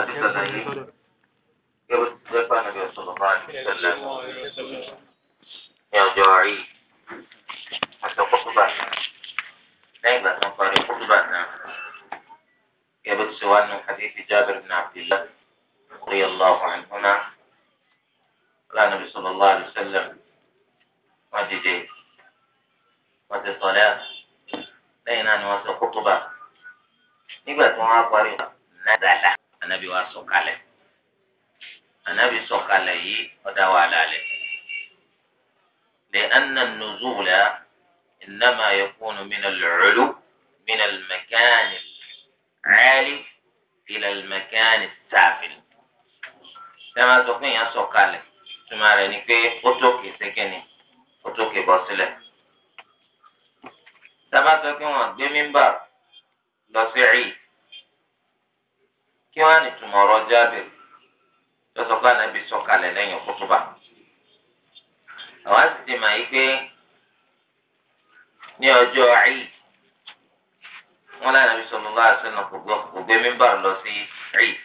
حديث الذي يبقى النبي صلى الله عليه وسلم يا جاعي حتى قطبا نيبا نقاري قطبا يبقى سوى أنه حديث جابر بن عبد الله رضي الله عنهما قال النبي صلى الله عليه وسلم ما جديد wọ́n sọ̀lẹ́ lẹ́yìn náà ni wọ́n sọ kótóbà nígbà tí wọ́n á parí nàdàlà anabi wa sọ̀kalẹ̀ anabi sọ̀kalẹ̀ yìí ọdá wa lálẹ́ lè anna nuzula innama yakunu min al-ulu min al-makan al-ali ila al-makan as-safil tẹ́lẹ̀ sọ fún yẹn sọ̀kalẹ̀ tuma rẹ̀ ni pé ó tókè sẹ́kẹ̀ni ó tókè bọ́ sílẹ̀ tábàtọ́ kí wọ́n kí wọn á nìtumọ̀ ọ̀rọ̀ jáde lọ́sọ̀kọ́ ànábì sọ̀kalẹ̀ lẹ́yìn kútúbà. àwọn àti ti mà yí pé ní ọjọ́ Eid wọn lẹ́yìn ànábì sọ̀rọ̀ lọ́wọ́ àti kò gbé mímbà lọ sí Eid.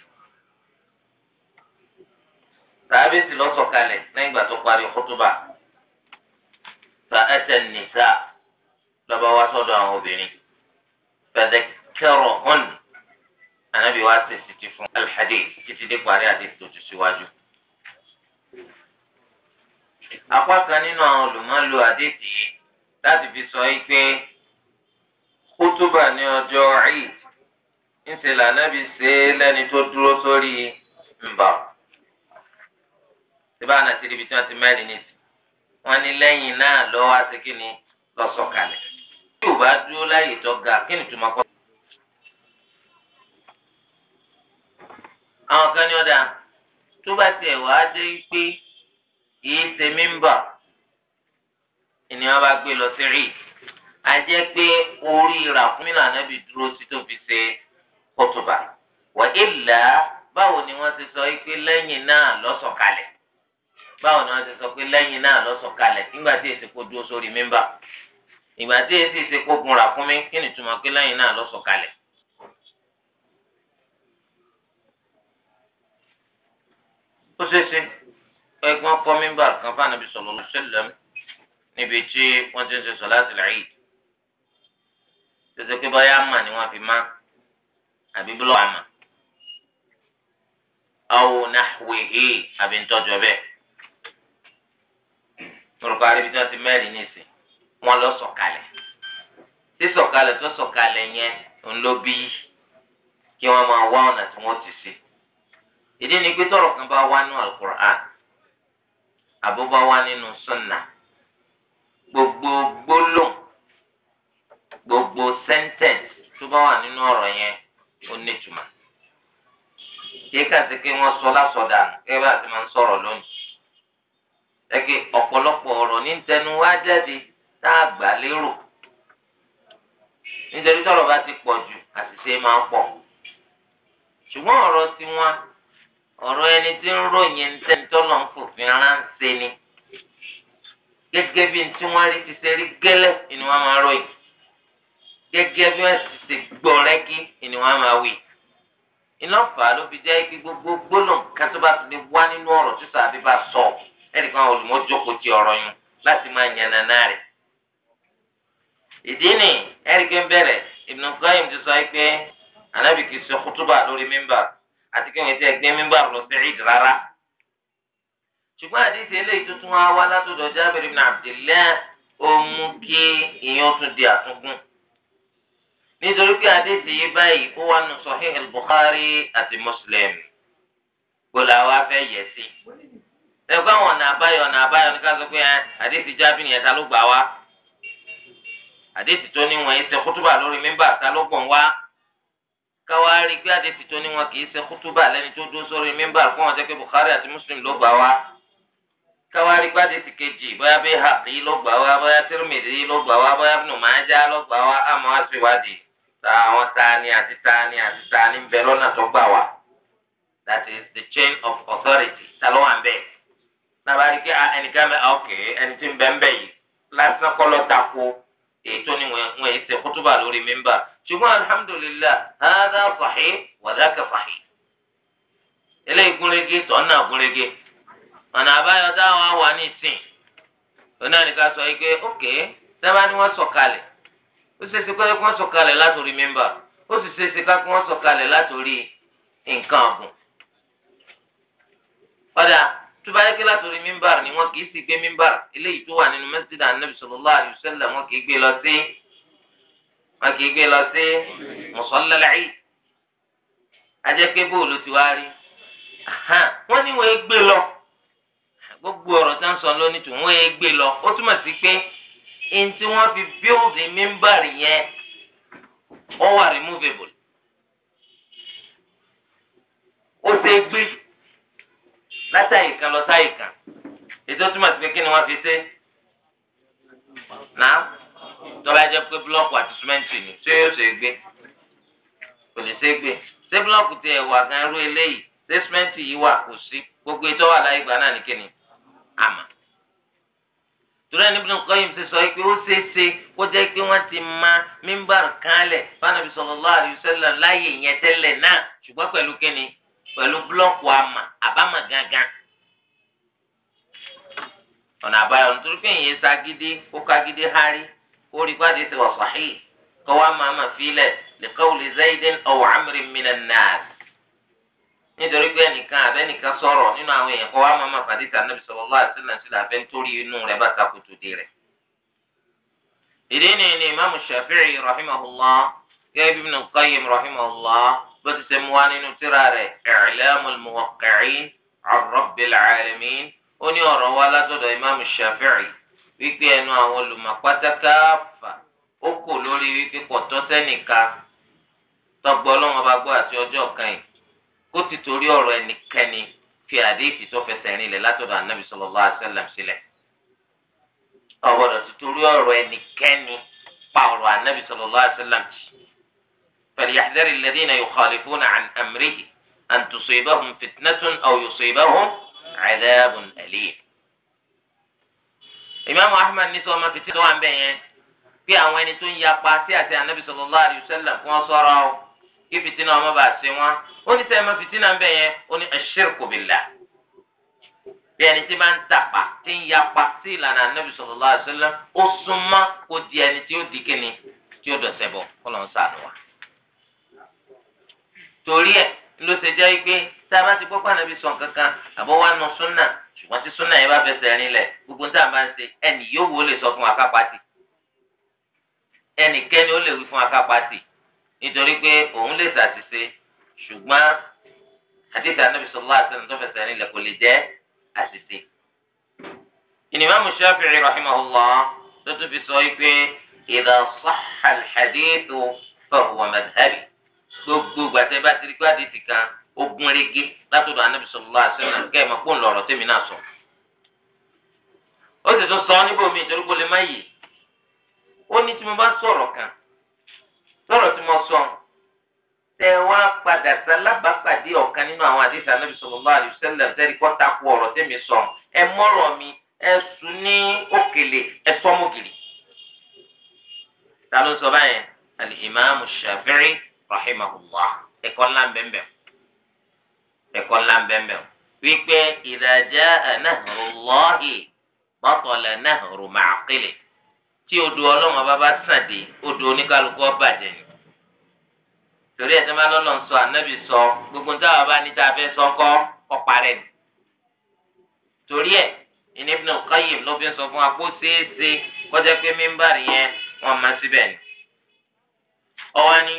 tàbí sì lọ́sọ̀kalẹ̀ lẹ́yìn ìgbà tó parí kútúbà. fa ẹsẹ̀ nìsa lọ́ba wá sọ́dọ̀ àwọn obìnrin. fẹ̀dẹ̀kẹ́rọ̀ hàn anabi wa ṣe títí fún alhadi títí dé parí àti tòtú síwájú. apá kan nínú àwọn olùmọ̀lò àdéhìí láti fi sọ yìí pé kútúbà ní ọjọ́ Eid ńṣe lànàbì ṣe lẹ́ni tó dúró sórí mbà. síbá àná ti ríbi tí wọ́n ti mẹ́rin ní ti wọ́n ní lẹ́yìn náà lọ́wọ́ àti kíni lọ́sọ̀kalẹ̀. tí ò bá dúró láyè tó ga kí ni tùmọ̀ kọ́. àwọn kan ní ọ̀dà tó bá tiẹ̀ wá jẹ́ pé èyí ṣe mí ń bà ènìyàn bá gbé lọ sí rí a jẹ́ pé orí ràkúnmílà nábì dúró sí tó fi ṣe kótóbà wà ìlà báwo ni wọ́n ti sọ pé lẹ́yìn náà lọ́sọ̀kalẹ̀ báwo ni wọ́n ti sọ pé lẹ́yìn náà lọ́sọ̀kalẹ̀ nígbà tí èsì kó dúró sórí mímbà ìgbà tí èsì ìsìnkú gun ràkúnmí kí ni túmọ̀ pé lẹ́yìn náà lọ́sọ̀kalẹ̀. ó ṣeéṣe ẹ̀gbọ́n kọ́ mímbà kan fún anabi sallallahu alaihi wasallam níbi tí wọ́n ti ń ṣe salatul Eid tètè pé báyà mà ni wọ́n fi má àbí búlọ̀ àmà aw nahwihi àbí ntọ́jú ọbẹ̀ mọ̀rọ̀kọ́ àríbi tí wọ́n ti mẹ́rin nísìn wọ́n lọ sọ̀kalẹ̀ tí sọ̀kalẹ̀ tó sọ̀kalẹ̀ yẹn ń lọ bí kí wọ́n máa wá ọ̀nà tí wọ́n ti ṣe. ìdí ni pé tọrọ kan bá wá nínú alukur'an àbó bá wá nínú sunna gbogbo gbogbo sentence tó bá wà nínú ọrọ yẹn ó nítumọ̀ kíkà sí pé wọn sọ lásọdà kẹ́kẹ́ a ti ma lónìí Eke ọpọlọpọ ọrọ ní tẹnu wá jáde tá a gbà lérò nítorí tọrọ bá ti máa ń tiwọn. ọ̀rọ̀ ẹni tí ń ròyìn ntẹ́ ntọ́nà ń fòfin ránṣẹ́ ni gẹ́gẹ́ bí ntí wọ́n rí ti ṣe rí gẹ́lẹ́ ni wọ́n máa ròyìn gẹ́gẹ́ bí wọ́n ti ṣe gbọ́ rẹ́gí ni wọ́n máa wí. iná fà á ló fi jẹ́ kí gbogbo gbólóhùn kan tó bá ti lè wá nínú ọ̀rọ̀ tó sàbí bá sọ ẹnìkan olùmọ́jọ́kọ̀ ti ọ̀rọ̀ yun láti máa yàn nàná rẹ̀. ìdí ni ẹ̀ríkẹ́ bẹ̀rẹ̀ Ibn Qayyim ti sọ pé anábìkì sọ kútúbà lórí mímbà àti kí wọn ti ẹgbẹ mímbà lọ sí ìd rárá ṣùgbọ́n àdìsí eléyìí tuntun wa wá látọ̀dọ̀ Jabir ibn Abdillah ó mú kí ìyẹn tún di àtúngún nítorí pé àdìsí yìí báyìí ó wà nù Sahih al-Bukhari àti Muslim gbọ́dọ̀ àwa fẹ́ yẹ sí ẹgbẹ́ àwọn ọ̀nà àbáyọ ọ̀nà àbáyọ ní ká pé ah, àdìsí Jabir yẹn ta ló gbà wá àdìsí tó níwọ̀n yìí káwa rí pé àdéhùn tó ní wọn kì í ṣe kútúbà lẹ́ni tó dúró sórí mímbà fún wọn jẹ́ pé Bukhari àti Muslim ló gbà wá káwa rí pé àdéhùn kejì bóyá bẹ́ẹ̀ hàkì ló gbà wá bóyá Tirmidhi ló gbà wá bóyá Ibn ló gbà wá àmọ́ àṣewádìí àwọn tani àti tani àti tani ń bẹ tó gbà wá that is the chain of authority Talo ló wà ń bẹ̀ nàbà rí pé ah, ẹnìkan ah, bẹ ok ẹni tí ń bẹ ń bẹ yìí lásán kọ́ lọ́ tako èyí tó ní wọn èyí ṣe lórí mímbà ṣùgbọ́n alhamdulilah hada sahih wàdákà sahih eléyìí gúnrégé tọ́nà gúnrégé ọ̀nà àbáyọ táwọn wà ní ìsìn onáníkà sọ yìí pé ókè sábà ni wọ́n sọ̀kalẹ̀ ó ṣeé ṣe kọ́ wọ́n sọ̀kalẹ̀ látòrí mẹ́mbà ó sì ṣeé ṣe ká wọ́n sọ̀kalẹ̀ látòrí nǹkan ọ̀gùn. padà tó bá yẹ kí látòrí mẹ́mbà ni wọ́n kì í sì gbé mẹ́mbà eléyìí tó wà nínú mẹ́sídà anábì sallallahu wọ́n kì í gbé lọ sí wọn kì í gbé lọ sí mùsọ̀lẹ́lẹ́yì ajẹ́pẹ́ bóòlù ti wá rí wọ́n ní wọ́n gbé lọ gbogbo ọ̀rọ̀ tá ń sọ lónìí tó wọ́n gbé lọ ó túmọ̀ sí pé ẹni tí wọ́n fi bíòdì mímbàrì yẹn ó wà removable ó ṣe é gbé látàyè kan lọ sáyè kan ètò túmọ̀ sí pé kí ni wọ́n fi ṣe náà. tọ́lá jẹ́ pé búlọ́ọ̀kù àti símẹ́ǹtì ni ṣé yóò ṣe gbé kò lè ṣe gbé ṣé búlọ́ọ̀kù ti ẹ̀wà gan irú eléyìí ṣé símẹ́ǹtì yìí wà kò sí gbogbo ètò wà láyé gbà náà ní kíni àmà. torí ẹni Ibn yìí ti sọ pé ó ṣeé ṣe kó jẹ́ pé wọ́n ti ma mímbàrù fanabi láyé ìyẹn tẹ́lẹ̀ náà ṣùgbọ́n pẹ̀lú kíni pẹ̀lú àmà àbámà gangan ọ̀nà nítorí pé ìyẹn orí pàdé ti wà sàhí kọ́ wa máa ma filẹ̀ lẹ́kọ́wùlì zaydin aw amrin minan nas nítorí pé ẹnìkan abẹ́nìkan sọ̀rọ̀ nínú àwọn èèyàn kọ́ wa máa ma pàdé tà nàbì sallallahu alaihi wasallam sílẹ̀ abẹ́ nítorí inú rẹ̀ bá takùtù dé rẹ̀. ìdí ni ni imaamu shafi'i rahimahullah gẹ́gẹ́ bí ibn qayyim rahimahullah bó ti ṣe mú wa nínú tírà rẹ̀ i'lamul muwaqqi'in 'an rabbil 'alamin ó ní ọ̀rọ̀ wa látọ̀dọ̀ imaamu shafi'i wípé ẹnu àwọn olùmọ̀pátákà fà ó kò lórí wípé pọ̀tọ́ sẹ́nìka tọgbọ́ ọlọ́wọ́n bá gbọ́ àti ọjọ́ kan yìí kó ti torí ọ̀rọ̀ ẹnikẹ́ni fi àdéhìí tó fẹsẹ̀ rìn lẹ̀ látọ̀dọ̀ ànábì sallallahu alaihi wasallam sílẹ̀ ọ̀gbọ́dọ̀ ti torí ọ̀rọ̀ ẹnikẹ́ni pa ọ̀rọ̀ ànábì sallallahu alaihi wasallam jì falyahdhari alladhina yukhalifuna an amrihi an tusibahum fitnatun aw yusibahum adhabun alim ìmáàmù ahmed ní sọ́ọ́ ma fi títọ́ wà ń bẹ̀ yẹn pé àwọn ẹni tó ń yapa sí àti anabi sallallahu alaihi wasallam kí wọ́n sọ̀rọ̀ o kí fìtínà ọmọ bá ṣe wọn ó ní sẹ́ẹ̀ ma fìtínà ń bẹ̀ yẹn ó ní ashirku billah bí ẹni tí máa ń tàpá tí ń yapa sí ìlànà anabi sallallahu alaihi wasallam ó súnmọ́ kó di ẹni tí ó di kíni tí ó dọ̀sẹ̀ bọ̀ kọ́lọ́n sànù wa. torí ẹ̀ ló ṣe jẹ́ pé tá a bá ti gbọ́ pé anabi ṣùgbọ́n tí súnà yẹn bá fẹsẹ̀ rin lẹ̀ gbogbo níta máa ń ṣe ẹnì yóò wò ó lè sọ fún akápàtì ẹnìkẹ́ni ó lè wí fún akápàtì nítorí pé òun lè ṣàṣìṣe ṣùgbọ́n àdéhùn anábì sallallahu alaihi wasallam tó fẹsẹ̀ rin lẹ̀ kò lè jẹ́ àṣìṣe. Imam Shafi'i rahimahullah tó tún fi sọ wípé idha sahha al-hadithu fa gbogbo gbàtẹ́ bá ti rí pé àdéhùn kan ogun rege látọ̀dọ̀ anabi sallallahu alaihi wasallam kẹ́ ẹ̀ máa pọ́n lọ́rọ̀ tẹ́mi náà sọ. ó sì tún sọ níbo mi ìtorí kò lè má yìí ó ní tí mo bá sọ̀rọ̀ kan sọ̀rọ̀ tí mo sọ tẹ wá padà sálábàápàdé ọ̀kan nínú àwọn àdéhùn anabi sallallahu alaihi wasallam tẹ́rí kọ́ takú ọ̀rọ̀ tẹ́mi sọ ẹ mọ́rọ̀ mi ẹ sùn ní òkèlè ẹ sọ́mọ́gìrì. ta ló sọ báyẹn al-imam Shafi'i rahimahullah ẹ̀kọ́ ńlá bẹ́ẹ̀ bẹ́ẹ̀ ẹ̀kọ́ ńlá bẹ́ẹ̀ wípé ìdájá nahru Allahi batala nahru màákìlì tí odò ọlọ́run ọba bá sàn dé odò oníkálukú ọba jẹ ni torí ẹ̀ tí wọ́n bá lọ́lọ́ sọ ànábì sọ gbogbo táwọn bá ní tá a fẹ́ sọ kọ́ ni torí ẹ̀ ìní Ibn ló fi ń sọ fún wa kó ṣeé kọjá pé mímbàrì yẹn wọ́n máa síbẹ̀ ni ọwọ́ ni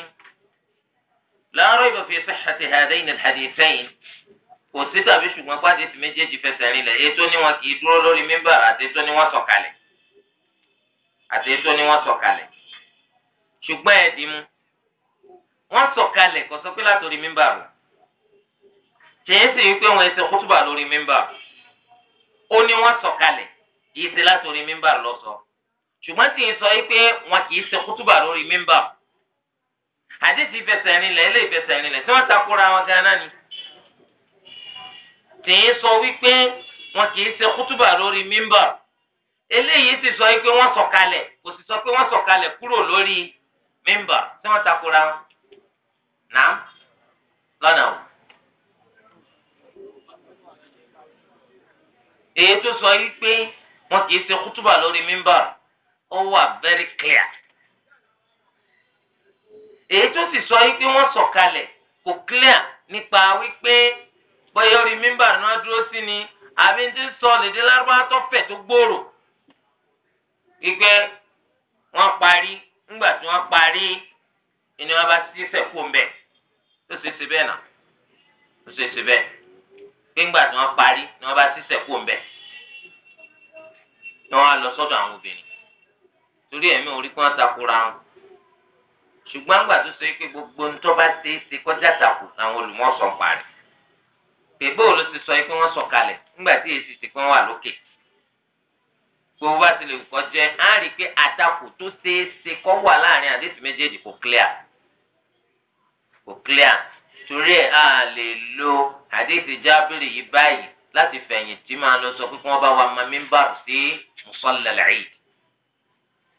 la rayba fi sihhati hadaini alhadithain kò sí tàbí ṣùgbọ́n pàdé tí méjèèjì fẹsẹ̀ rinlẹ̀ ètò ni wọn kì í dúró lórí mímbà àti ètò ni wọn sọ̀kalẹ̀ àti ètò ni wọn sọ̀kalẹ̀ ṣùgbọ́n ẹ̀dì mu wọn sọ̀kalẹ̀ kò sọ pé látòrí mímbà rò kìí sì wípé wọn ẹsẹ̀ kútùbà lórí mímbà ó ní wọn sọ̀kalẹ̀ kìí ṣe látòrí mímbà lọ sọ ṣùgbọ́n àdìsí ìfẹsẹ̀ rinlẹ̀ ilé ìfẹsẹ̀ rinlẹ̀ tí wọ́n takora wọn gan-an ni. tèyí sọ wípé wọn kì í ṣe kútùbà lórí mímbà eléyìí sì sọ wípé wọ́n sọ̀kalẹ̀ kò sì sọ pé wọ́n sọ̀kalẹ̀ kúrò lórí mímbà tí wọ́n takora wọn. nàá lọ́nà o. èyí tó sọ wípé wọn kì í ṣe kútùbà lórí mímbà ó wà very clear èyí tó sì sọ wípé wọ́n sọ̀kalẹ̀ kò clear nípa wípé bóyá orí mímbà náà dúró sí ni àbí ti ń sọ lédè lárúbáwá tó fẹ̀ tó gbòòrò wípé wọ́n parí ńgbà tí wọ́n parí ni wọ́n bá ti sẹ̀kú ń bẹ̀ tó ṣe é ṣe bẹ́ẹ̀ náà tó ṣe é ṣe bẹ́ẹ̀ nígbà tí wọ́n parí ni wọ́n bá ti sẹ̀kú ń bẹ̀ ni wọ́n á lọ sọ́dọ̀ àwọn obìnrin torí ẹ̀mí orí kí wọ́n takora wọn ṣùgbọ́n àgbà tó ṣe pé gbogbo ntọ́ bá ṣe é ṣe kọjá tàkù àwọn olùmọ̀ọ́sọ̀ parí bèbè ò ló ti sọ pé wọ́n sọ kalẹ̀ ńgbà tí èsì ti pé wọ́n wà lókè gbogbo bá ti lè kọ́ jẹ́ á rí i pé àtakù tó ṣe é ṣe kọ́ wà láàrin àdéhùn méjèèjì kò clear kò clear torí ẹ̀ á lè lo àdéhùn jábìrì yìí báyìí láti fẹ̀yìntì máa lọ sọ pé kí wọ́n bá wa máa mímbàrú sí mùsọ̀lẹ̀lẹ̀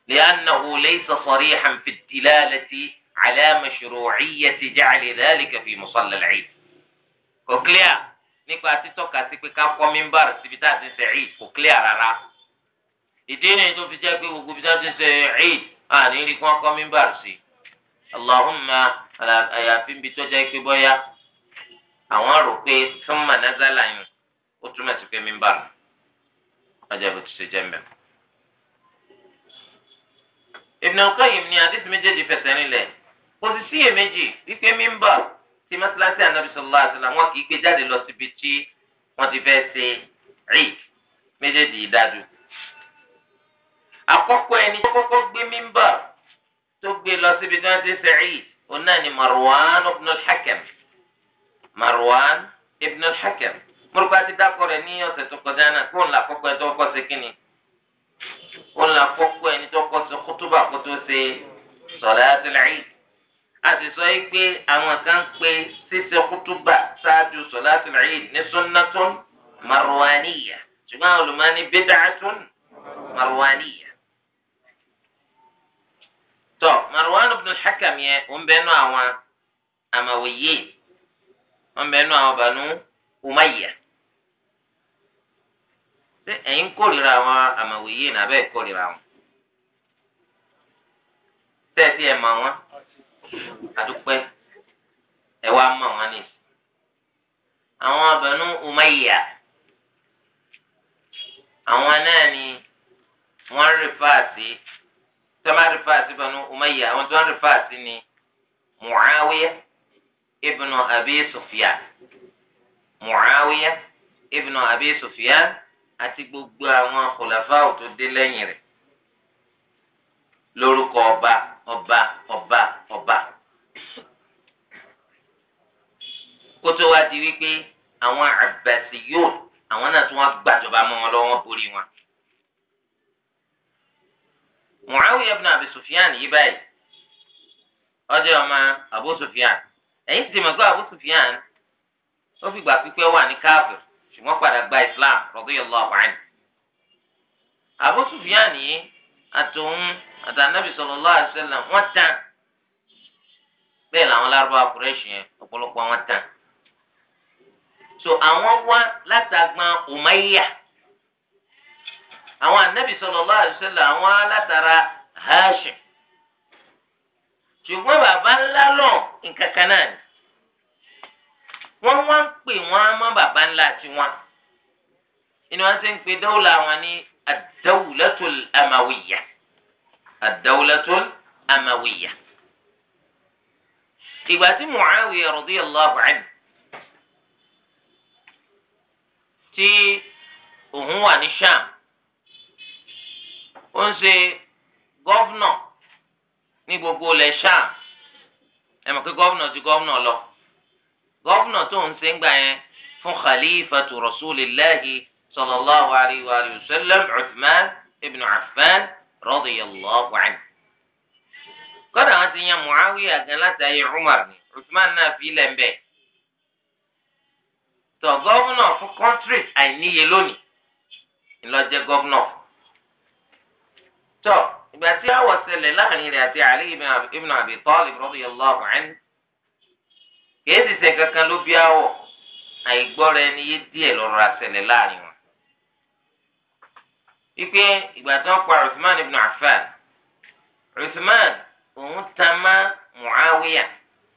لأنه ليس صريحا في الدلالة على مشروعية جعل ذلك في مصلى العيد kò clear nípa títọ́ka sí pé ká kọ́ mímbàrì síbi tá a ti ń ṣe Eid kò clear rárá ìdí ni tó fi jẹ́ pé gbogbo ibi tá a ti ń ṣe Eid àní rí kán kọ́ mímbàrì sí Allahumma àyàfi ń bi tó jẹ́ pé bọ́yá àwọn rò pé súnmọ̀ nazala yìí ó túmọ̀ sí pé mímbàrì ọjà bó ti ṣe jẹ́ mẹ́rin. Ibn al-Qayyim ní àdìsí méjèèjì fẹsẹ̀ nílẹ̀ kò sì sí èméjì wípé mímbà tí mọ́sálásí ànábì sallallahu alaihi wasallam wọn kì í gbé jáde lọ síbi tí wọ́n ti fẹ́ ṣe Eid méjèèjì ìdájú. àkọ́kọ́ ẹni tó kọ́kọ́ gbé mímbà tó gbé lọ síbi tí wọ́n ti ṣe Eid òun náà ni Marwan ibn al-Hakam Marwan ibn al-Hakim mọ̀rùkọ́ àti dákọ̀ rẹ̀ ní ọ̀sẹ̀ tó kọjá náà kó ńlá kọ́kọ́ ẹ̀ wọn là kọ́kọ́ ẹni tó kọ́ sọ kótóbà kó tó ṣe sọ̀láàtì Eid àti sọ yìí pé àwọn kan pé ṣíṣe kótóbà ṣáájú sọ̀láàtì Eid ní sunnatun marwaniya ṣùgbọ́n àwọn olùmọ̀ọ́ni bid'atun marwaniya. tọ́ Marwan ibn hakam yẹn ń bẹ́ẹ̀ nú àwọn àmàwòye ń bẹ́ẹ̀ nú àwọn Banu Umayya ṣé ẹ̀yin kórìíra àwọn àmàwòye nàbẹ́ kórìíra wọn tẹ́ẹ̀tì ẹ̀ mọ̀ wọn àdúpẹ́ ẹ̀ wá mọ̀ wọn ni àwọn abẹnú umayya àwọn náà ni wọ́n rí fáàsì tọ́lá rí fáàsì bẹnú umayya àwọn tó ń rí fáàsì ni muawiya ibnu abi sufyan muawiya ibnu abi sufyan àti gbogbo àwọn kòlàfáà tó dé lẹ́yìn rẹ̀ lórúkọ ọba ọba ọba ọba kótó wa di wípé àwọn àbẹ̀sì yóò àwọn náà tí wọ́n gbàjọba mọ́ wọn lọ́wọ́ borí wọn. Muawiya ibn Abi Sufyan yìí báyìí ọjọ́ ọmọ Abu Sufyan ẹ̀yin ti mọ̀ pé Abu Sufyan ó fìgbà pípẹ́ wà ní káàbìrì ṣùgbọ́n padà gba islam radiyallahu anhu. Abu Sufyan yìí àtòun àtànàbì sallallahu alaihi wasallam wọ́n tán bẹ́ẹ̀ làwọn lárúbá kúrẹ́ṣì yẹn ọ̀pọ̀lọpọ̀ wọn tán. so àwọn wá látàgbọn Umayya àwọn ànàbì sallallahu alaihi wasallam àwọn látara Hashim ṣùgbọ́n bàbá ńlá lọ nǹkan kan náà ni wọ́n wá ń pè wọ́n mọ́ bàbá ńlá tiwọn inú wọn ti ń pe dawla wọn ní ad-dawlatul amawiyya ad-dawlatul amawiyya ìgbà tí Muawiya radiyallahu anhu tí òun wà ní Sham ó ń ṣe gọ́vnọ̀ ní gbogbo ilẹ̀ Sham ẹ mọ̀ pé gọ́vnọ̀ ju gọ́vnọ̀ lọ gọ́vnà tó ń ṣe ń gbà yẹn fún khalifatu rasulillahi sallallahu alayhi wa sallam uthman ibn affan radiyallahu anhu. kọ́dà wọn ti yan muawiya gan látàyè umar ni uthman náà fi ilẹ̀ ń bẹ̀. tọ́ gọ́vnà fún kọ́ńtírì àìníye lónìí ńlọjẹ́ gọ́vnà fún tọ ìgbà tí a wọ ṣẹlẹ̀ láàrin rẹ̀ àti Ali ibn Abi Talib radiyallahu anhu kìí sì ṣe kankan ló bí àwọ̀ àìgbọ́ra ẹni yé díẹ̀ lọ́rọ̀ àṣẹlẹ̀ láàrin wọn. ipe ìgbà tí wọ́n pa Usman ibn Affan Usman òun ta má Muawiya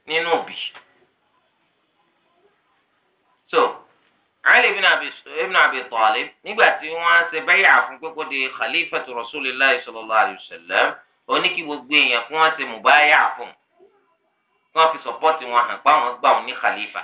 nínú òbí. so Ali ibn Abi ibn Abi Talib nígbà tí wọ́n ṣe báyà fún pípọ́ di khalifatu Rasulillah sallallahu alayhi wa sallam oníkì gbogbo èèyàn fún wọn ṣe mùbáyà fún un wọ́n fi sọpọ́tì wọn hàn pa àwọn gbà wọn ní khalifa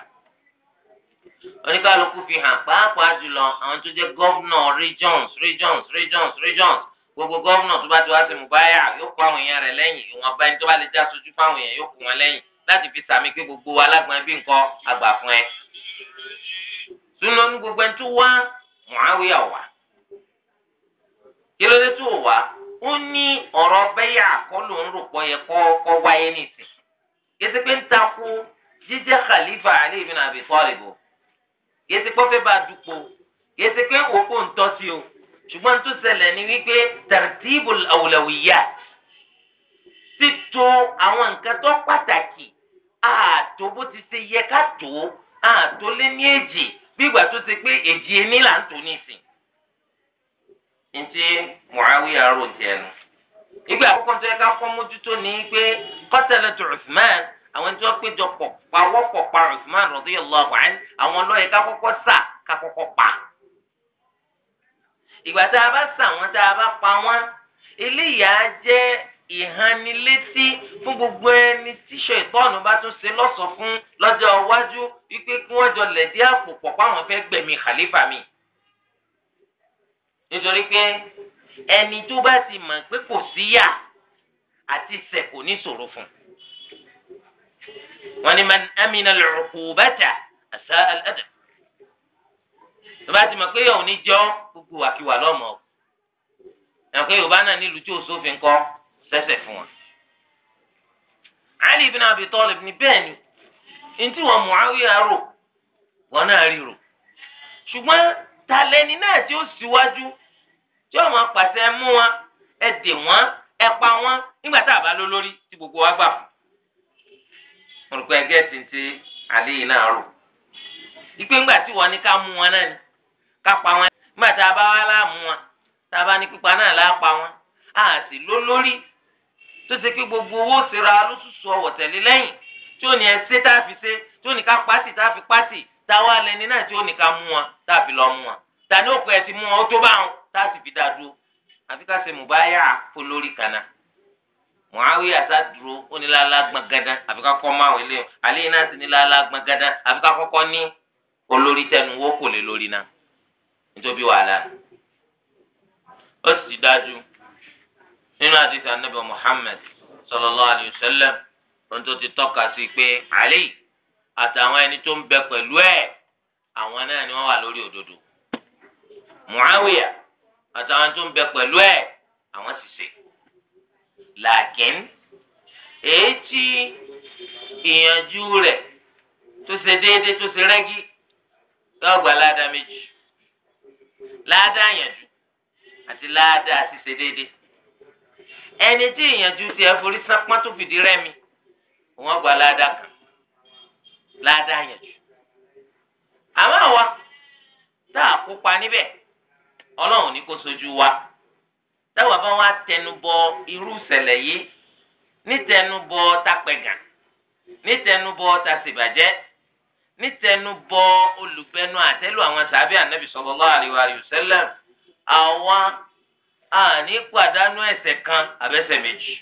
oníkàlùkù fi hàn pàápàá jùlọ àwọn tó jẹ́ gọ́vnọ̀ regions regions regions regions gbogbo gọ́vnọ̀ tó bá ti wá sí mubaya yóò kó àwọn èèyàn rẹ̀ lẹ́yìn ìwọ̀nba ẹni tó bá lè já sojú fáwọn èèyàn yóò kó wọn lẹ́yìn láti fi sàmì pé gbogbo wa lágbọn ẹbí nǹkan àgbà fún ẹ. súnlọ ní gbogbo ẹni tó wá Muawiya wá kí tó wá ó ní ọ̀rọ̀ bẹ́yà kọ́ ló ń rò pọ̀ yẹ kọ́ wáyé nìsín yẹtí pé ń takú jíjẹ́ khalifa Ali ibn Abi Talib o yẹtí pé ó fẹ́ bá a dupò yẹtí pé òkú ń tọ́ sí o ṣùgbọ́n tó ṣẹlẹ̀ ni wípé tartibul awlawiyat títò àwọn nǹkan tó pàtàkì ààtò bó ti ṣe yẹ ká tó ààtò lé ní èjì bí ìgbà tó ṣe pé èjì ẹni là ń tò nísìn. ntí Muawiya rò jẹnu ìgbé àkọ́kọ́ tó yẹ ká kọ́ mójútó ni pé kọ́tẹ́lẹ̀ tó Usman àwọn tí wọ́n péjọ pọ̀ pawọ́pọ̀ pa Usman radiyallahu anhu àwọn ló yẹ ká kọ́kọ́ sà ká kọ́kọ́ pa. ìgbà tá a bá sà wọ́n tá a bá pa wọ́n eléyìí á jẹ́ ìhánilétí fún gbogbo ẹni tíṣọ ìtọ́nù bá tún ṣe lọ́sọ̀ọ́ fún lọ́jọ́ iwájú wípé kí wọ́n jọ lẹ̀dí àpò pọ̀ páwọn fẹ́ gbẹ̀mí khalifa mi. nítorí pé ẹni tó bá ti mọ̀ pé kò síyà àti ṣẹ̀ kò ní ṣòro fún wọn ni man amina al-uqubata asa al-adab tó bá ti mọ̀ pé yóò ní jọ́ gbogbo wàkiwà lọ́mọ ẹ̀ pé yorùbá náà nílùú tí òṣòfin kọ́ sẹ́sẹ̀ fún wọn. Ali ibn Abi Talib ni bẹ́ẹ̀ ni ntí wọn Muawiya rò wọn náà rí rò ṣùgbọ́n talẹ́ni náà tí ó síwájú tí ọmọ pàṣẹ mú wọn ẹ dè wọn ẹ pa wọn nígbà tá a bá lọ lórí tí gbogbo wa gbà fún. mo rò pé ẹgẹ́ ti ti àlẹ́ yìí náà rò ìpè ńgbà tí wọ́n ní ká mú wọn náà ni ká pa wọn nígbà tá a bá wá láàmú wọn tá a bá ní pípa náà láà pa wọn a sì ló lórí tó ṣe pé gbogbo owó síra lóṣooṣù ọwọ́ tẹ̀lé lẹ́yìn tí ò ní ẹ ṣe tá a fi ṣe tí ò ní ká pàṣì tá a fi pàṣì táwa lẹni náà tí ò ní ká mú wọn tá a fi lọ mú wọn tani ó pẹ́ ti mú wọn ó tó báwọn táàsì fi dáa dúró àfi ká ṣe mùbáyà fún lórí kaná muhawi asa dúró ó ní lálá gbọ̀ngàdá àfi ká kọ́ máa wọlé àléyìn náà sì ní lálá gbọ̀ngàdá àfi ká kọ́kọ́ ní olórí tẹnu wó kò lè lórí náà nítorí wàhálà ó sì dájú nínú àdìsí anábì muhammed sallallahu alayhi wa sallam ohun tó ti tọ́ka sí pé àlè àtàwọn ẹni tó ń bẹ pẹ̀lú ẹ̀ àwọn náà ni wọ́n wà lórí òdodo muhawiya àtàwọn tó ń bẹ pẹ̀lú ẹ̀ àwọn sì ṣe. làákín èyí tí ìyànjú rẹ̀ tó ṣe déédéé tó ṣe rẹ́gí yóò gba láàdá méjì láàdá ìyànjú àti láàdá ṣíṣe déédéé ẹni tí ìyànjú ti ẹ forí sápọ́n tó fìdí rẹ́mi wọ́n gba láàdá kan láàdá ìyànjú àmọ́ àwa tá a kópa níbẹ̀ ọlọ́run ní kó sojú wa táwa bá wá tẹnubọ irú ìṣẹ̀lẹ̀ yìí nítẹnubọ tapẹ̀gàn nítẹnubọ tasìbàjẹ́ nítẹnubọ olùfẹnu àtẹlù àwọn sàbẹ̀ ànábì sallallahu alaihi wasallam àwọn àní pàdánù ẹ̀ṣẹ̀ kan àbẹ́ṣẹ̀ méjì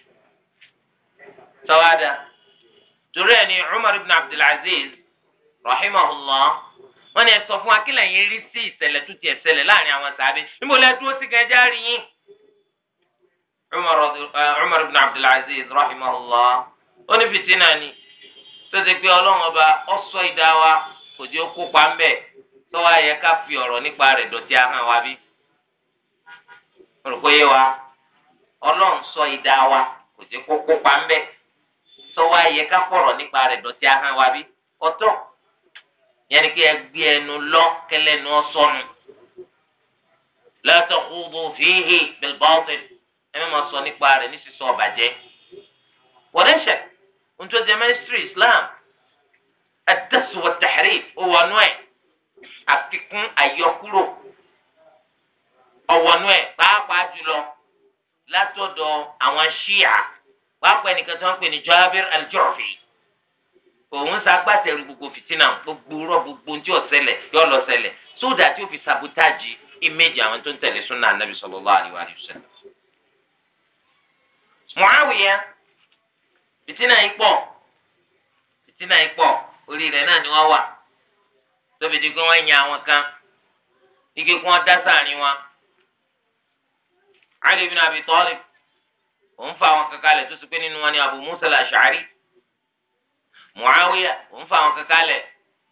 tọ́wádà torí ẹni Umar ibn Abdul rahimahullah. wọ́n ní ẹ fún wa kí lẹ́yìn rí sí ìṣẹ̀lẹ̀ tó ti ẹ̀ṣẹ̀lẹ̀ láàrin àwọn sàbẹ̀ níbo lẹ́ dúró sí gẹ́gẹ́ járe yín. Umar eh, ibn Abdulaziz rahimahullah ó ní ni tó ti pé ọlọ́run ọba ọ̀sọ́ kò jẹ́ kópa ń bẹ̀ ká fi ọ̀rọ̀ wa bí. olùkóyè ọlọ́run sọ kò jẹ́ kó ń bẹ̀ ká fọ̀rọ̀ nípa rẹ̀ yẹn ni kí ẹ gbé ẹnu lọ kẹlẹ́nu ọ̀sọ́nu la takhudu fihi bil batil ẹ má máa sọ nípa rẹ̀ ní sísọ ọ̀bàjẹ́ wọ́lẹ́sẹ̀ ntọ́jú ministry islam ad-dasu wa tahrif òwònú ẹ̀ àfikún àyọkúrò ọ̀wọ̀nú ẹ̀ pàápàá jùlọ látọ̀dọ̀ àwọn ṣíà pàápàá ẹnìkan tó ń pè ní Jabir al òun ṣagbátẹrù gbogbo fìtínà gbogbo rọ gbogbo tí ò ṣẹlẹ̀ yọ lọ ṣẹlẹ̀ sódà tí ó fi sabotage image àwọn tó ń tẹ̀lé súnà anabi sallallahu alaihi wa sallam. Muawiya fìtínà yìí pọ̀ fìtínà yìí pọ̀ orí rẹ̀ náà ni wọ́n wà tóbi di pé wọ́n yan àwọn kan igi kí wọ́n dá sáàrin wọn. Ali ibn Abi Talib òun fa àwọn kankan lẹ̀ tó sọ pé nínú wọn ni Abu Musa al-Ash'ari muawiya òun fa àwọn kankan lẹ̀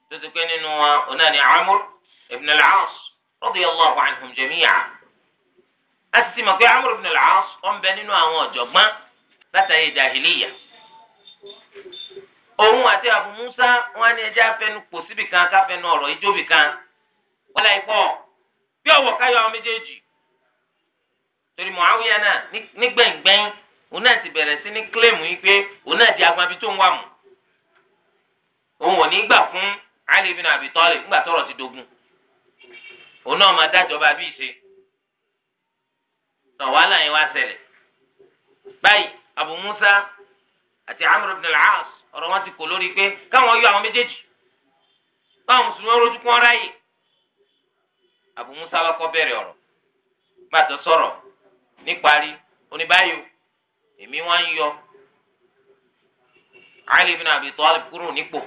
tó ti pé nínú wọn òun náà ni amur ibn al-aas radiyallahu anhum jami'a a ti ti mọ̀ pé amur ibn al-aas wọ́n bẹ nínú àwọn ọ̀jọ̀gbọ́n látàrí jahiliya òun àti abu musa wọ́n ní ẹjẹ afẹnu kò síbi kan káfẹnu ọ̀rọ̀ ijóbi kan wọ́n láì pọ̀ bí ọwọ́ káyọ àwọn méjèèjì torí muawiya náà nígbẹ̀ngbẹ̀ng òun náà ti bẹ̀rẹ̀ sí ní kílẹ̀mù yìí pé òun náà di agbabi tó ń wà mú òun ò ní gbà fún Ali ibn Abi Talib ńgbà tọrọ ti dogun òun náà máa dájọba bíi ṣe tọ wàhálà yẹn wá ṣẹlẹ̀ báyìí Abu Musa àti Amr ibn al-As ọ̀rọ̀ wọn ti kò lórí pé káwọn yọ àwọn méjèèjì báwọn mùsùlùmí rojú kún ọ̀rá yìí Abu Musa wá kọ́ bẹ̀rẹ̀ ọ̀rọ̀ gbàtọ sọ̀rọ̀ níparí oníbàyò èmi wá ń yọ Ali ibn Abi Talib kúrò nípò.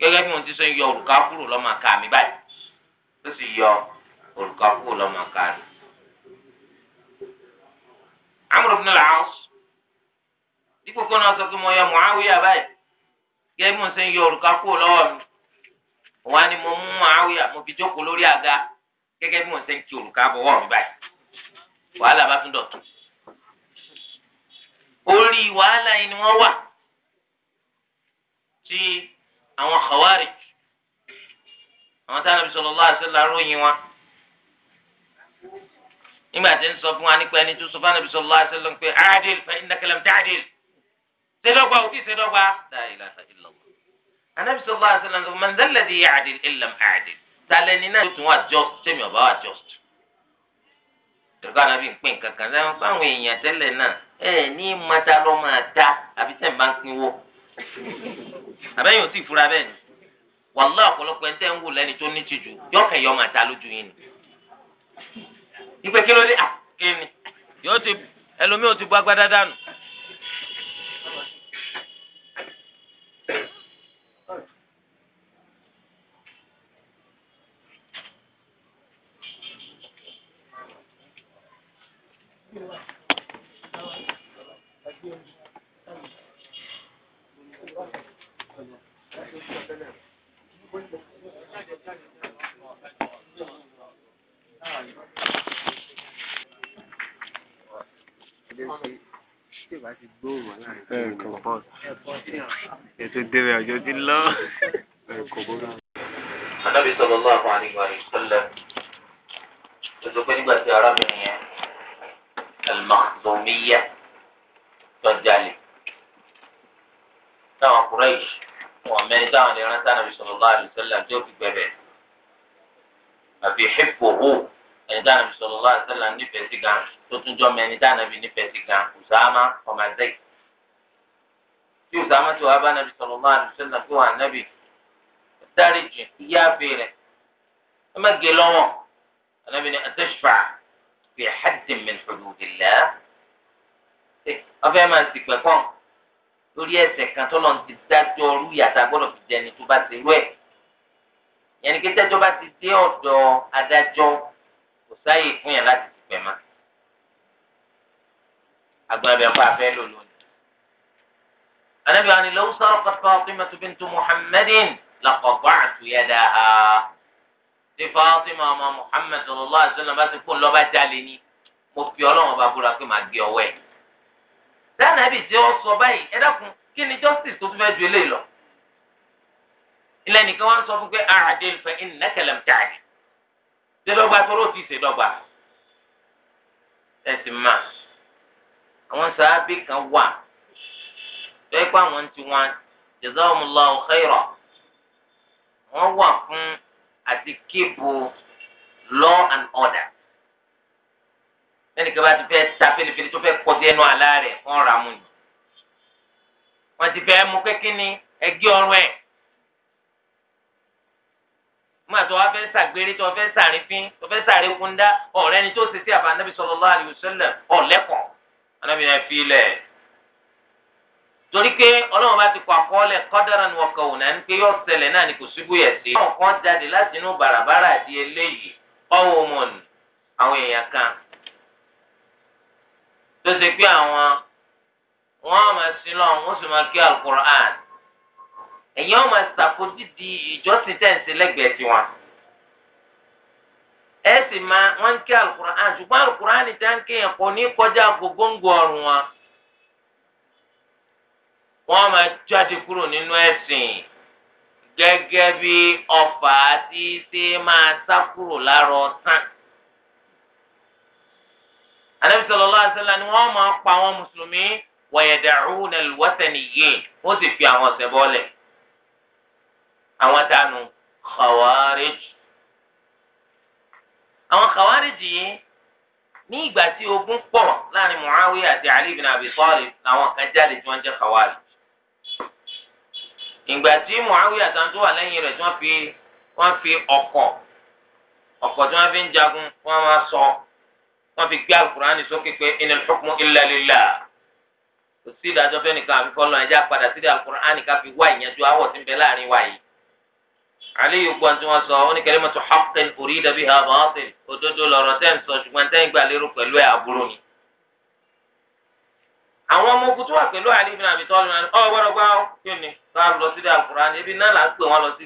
gẹ́gẹ́ bí mo ti sọ yọ òrùka kúrò lọ́mọ àká mi báyìí ó sì yọ òrùka kúrò lọ́mọ àká rẹ̀. Amr ibn al-As dípò kó náà sọ pé mo yọ Muawiya báyìí gẹ́gẹ́ bí mo ti yọ òrùka kúrò lọ́wọ́ mi wọ́n á ní mo mú Muawiya mo fi jókòó lórí àga gẹ́gẹ́ bí mo ti ń òrùka bọ̀wọ́ mi báyìí wàhálà bá tún dọ̀tún orí wàhálà yìí ni wọ́n wà tí àwọn khawarij àwọn táwọn Ànábì sallallahu alaihi wasallam ròyìn wọn nígbà tí ń sọ fún wa nípa ẹni tó sọ fún Ànábì sallallahu alaihi wasallam pé adil fa innaka lam ta'dil ṣèdọ́gba òkè ṣèdọ́gba la ilaha illallah Ànábì sallallahu alaihi wasallam man dhal ladhi ya'dil illam a'dil talẹni náà yóò tún wá just tẹmí ọba wá just tẹ̀gbọ́n àbí náà ẹ̀ ní mọ́tà lọ́ máa dá àbí tẹ̀ máa ń pinwó. àbẹ́yìn ò ifura fura bẹ́ẹ̀ ni wàlúwà ọ̀pọ̀lọpọ̀ ẹ̀ ń tẹ́ ń wò lẹ́ni tó ní tìjú ta yín ni. ìpè kí ló dé ni yóò ti ẹlòmíì ò ti bu agbádá dànù ètò ìdèrè ọjọ́ ti lọ. Ànábì sallallahu alaihi wa sallam ló sọ pé nígbà tí arábìnrin yẹn al-Makhzumiyya tó jalè. Táwọn ọkùnrin yìí. wọn mẹ́rin táwọn lè rántí ànábì sallallahu alaihi wasallam tí ó fi gbẹ̀bẹ̀ àfi hìpò hù ẹni tí ànábì sallallahu alaihi wasallam nífẹ̀ẹ́ sí gan tó tún jọ mẹ́rin tí ànábì nífẹ̀ẹ́ sí gan Usama ọmọ Zayd tí Usama tí wàá bá ànábì sallallahu alaihi wasallam tí wọn ànábì dárí jìn ìyá abèrè ẹ má gé lọ́wọ́ ànábì ni àtẹ́sùfà fi hadd min hududillah ọfẹ́ máa sì pẹ̀ kàn. lórí ẹ̀ṣẹ̀ kan tọ́lọ̀ ti dájọ́ ọrú yàtá gbọ́dọ̀ fi jẹni tó bá ti rú ẹ̀. yẹn ni kí tẹ́jọ́ bá ti dé ọ̀dọ̀ adájọ́ kò sáyè fún yàn láti ti pẹ̀ mọ́. agbọn ẹbẹ kọ afẹ lò lónìí. anabi wani law sarqat Fatimatu bintu Muhammadin laqata'tu yadaha. ṣé Fatima ọmọ Muhammad sallallahu alaihi wasallam bá ti kó lọ́ba jalè ni mo fi ọlọ́run bá búra pé màá gé ọwọ́ ẹ̀ dáná bíi tí ó sọ báyìí ẹ dákun kí ni justice tó tún fẹ́ ju eléyìí lọ. ilé nìkan wá ń sọ fún pé àádé fẹ́ innaka lam ta'dil dẹ́dọ́gba tóró ti ṣèdọ́gba ẹ sì máa àwọn sàábì kan wà lọ́yẹ́ pé àwọn ti wọn jazahumullahu khaira wọ́n wà fún àti kíbo law and order ẹnìkan bá ti fẹ́ ta filifili tó fẹ́ kọjú ẹnu àlá rẹ̀ wọ́n rà mú ni wọ́n ti fẹ́ mú kékin ní ẹgbẹ́ ọrùn ẹ̀ máa tó wá fẹ́ sàgbére tó fẹ́ sàrífín tó fẹ́ sàríkúndá ọ̀rẹ́ ni tó ṣe sí àbá anábì sallallahu alaihi wasallam ọ̀lẹ́kọ̀ọ́ anábì yẹn fi lẹ̀ torí pé ọlọ́run bá ti kọ àkọọ́lẹ̀ qadaran wa kawnan pé yóò ṣẹlẹ̀ ni kò síbú yẹ̀ sí. àwọn kan jáde láti inú bàràbàrà di eléyìí qawmun àwọn èèyàn kan tó ṣe àwọn wọn máa sin lọ wọn sì máa kí alukur'an ẹ̀yin wọn di ìjọsìn tẹ̀sí lẹ́gbẹ̀ẹ́ tiwọn ẹ sì máa wọn kí alukur'an ṣùgbọ́n alukur'an ti ń kéèyàn kò ní kọjá gògóńgò ọrùn wọn wọn máa jáde kúrò nínú ẹ̀sìn gẹ́gẹ́ bí ọfà máa sá anabi sallallahu alaihi wasallam ni wọ́n máa pa àwọn mùsùlùmí wayada'una alwataniyyin wọ́n sì fi àwọn ọ̀sẹ̀ bọ́ọ̀lẹ̀ àwọn tánu khawarij àwọn khawarij yìí ní ìgbà tí ogun pọ̀ láàrin muawiya àti ali ibn abi talib làwọn kan jáde tí wọ́n jẹ́ khawarij ìgbà tí muawiya àtàwọn tó wà lẹ́yìn rẹ̀ tí wọ́n fi wọ́n fi tí wọ́n fi ń jagun wọ́n máa sọ. So wọ́n fi gbé alukurani sókè pé inil hukmu illa lillah kò sí ìdájọ́ fẹ́nìkan àfi fọlọ ẹjẹ padà sí alukurani ká fi wá ìyẹnjú awọ tí ń bẹ láàrin wa yìí. aliyu gbọ́n tí wọ́n sọ ó ní kalimatu haqqin urida biha batil òdodo lọ́rọ̀ tẹ́ ń sọ ṣùgbọ́n tẹ́ ń gbà lérò pẹ̀lú ẹ̀ aburú ni. àwọn ọmọ ogun tó wà pẹ̀lú Ali ibn Abi Talib náà ọ wọ́n lọ kí ni ká lọ sí alukurani ebi náà là ń pè wọ́n lọ sí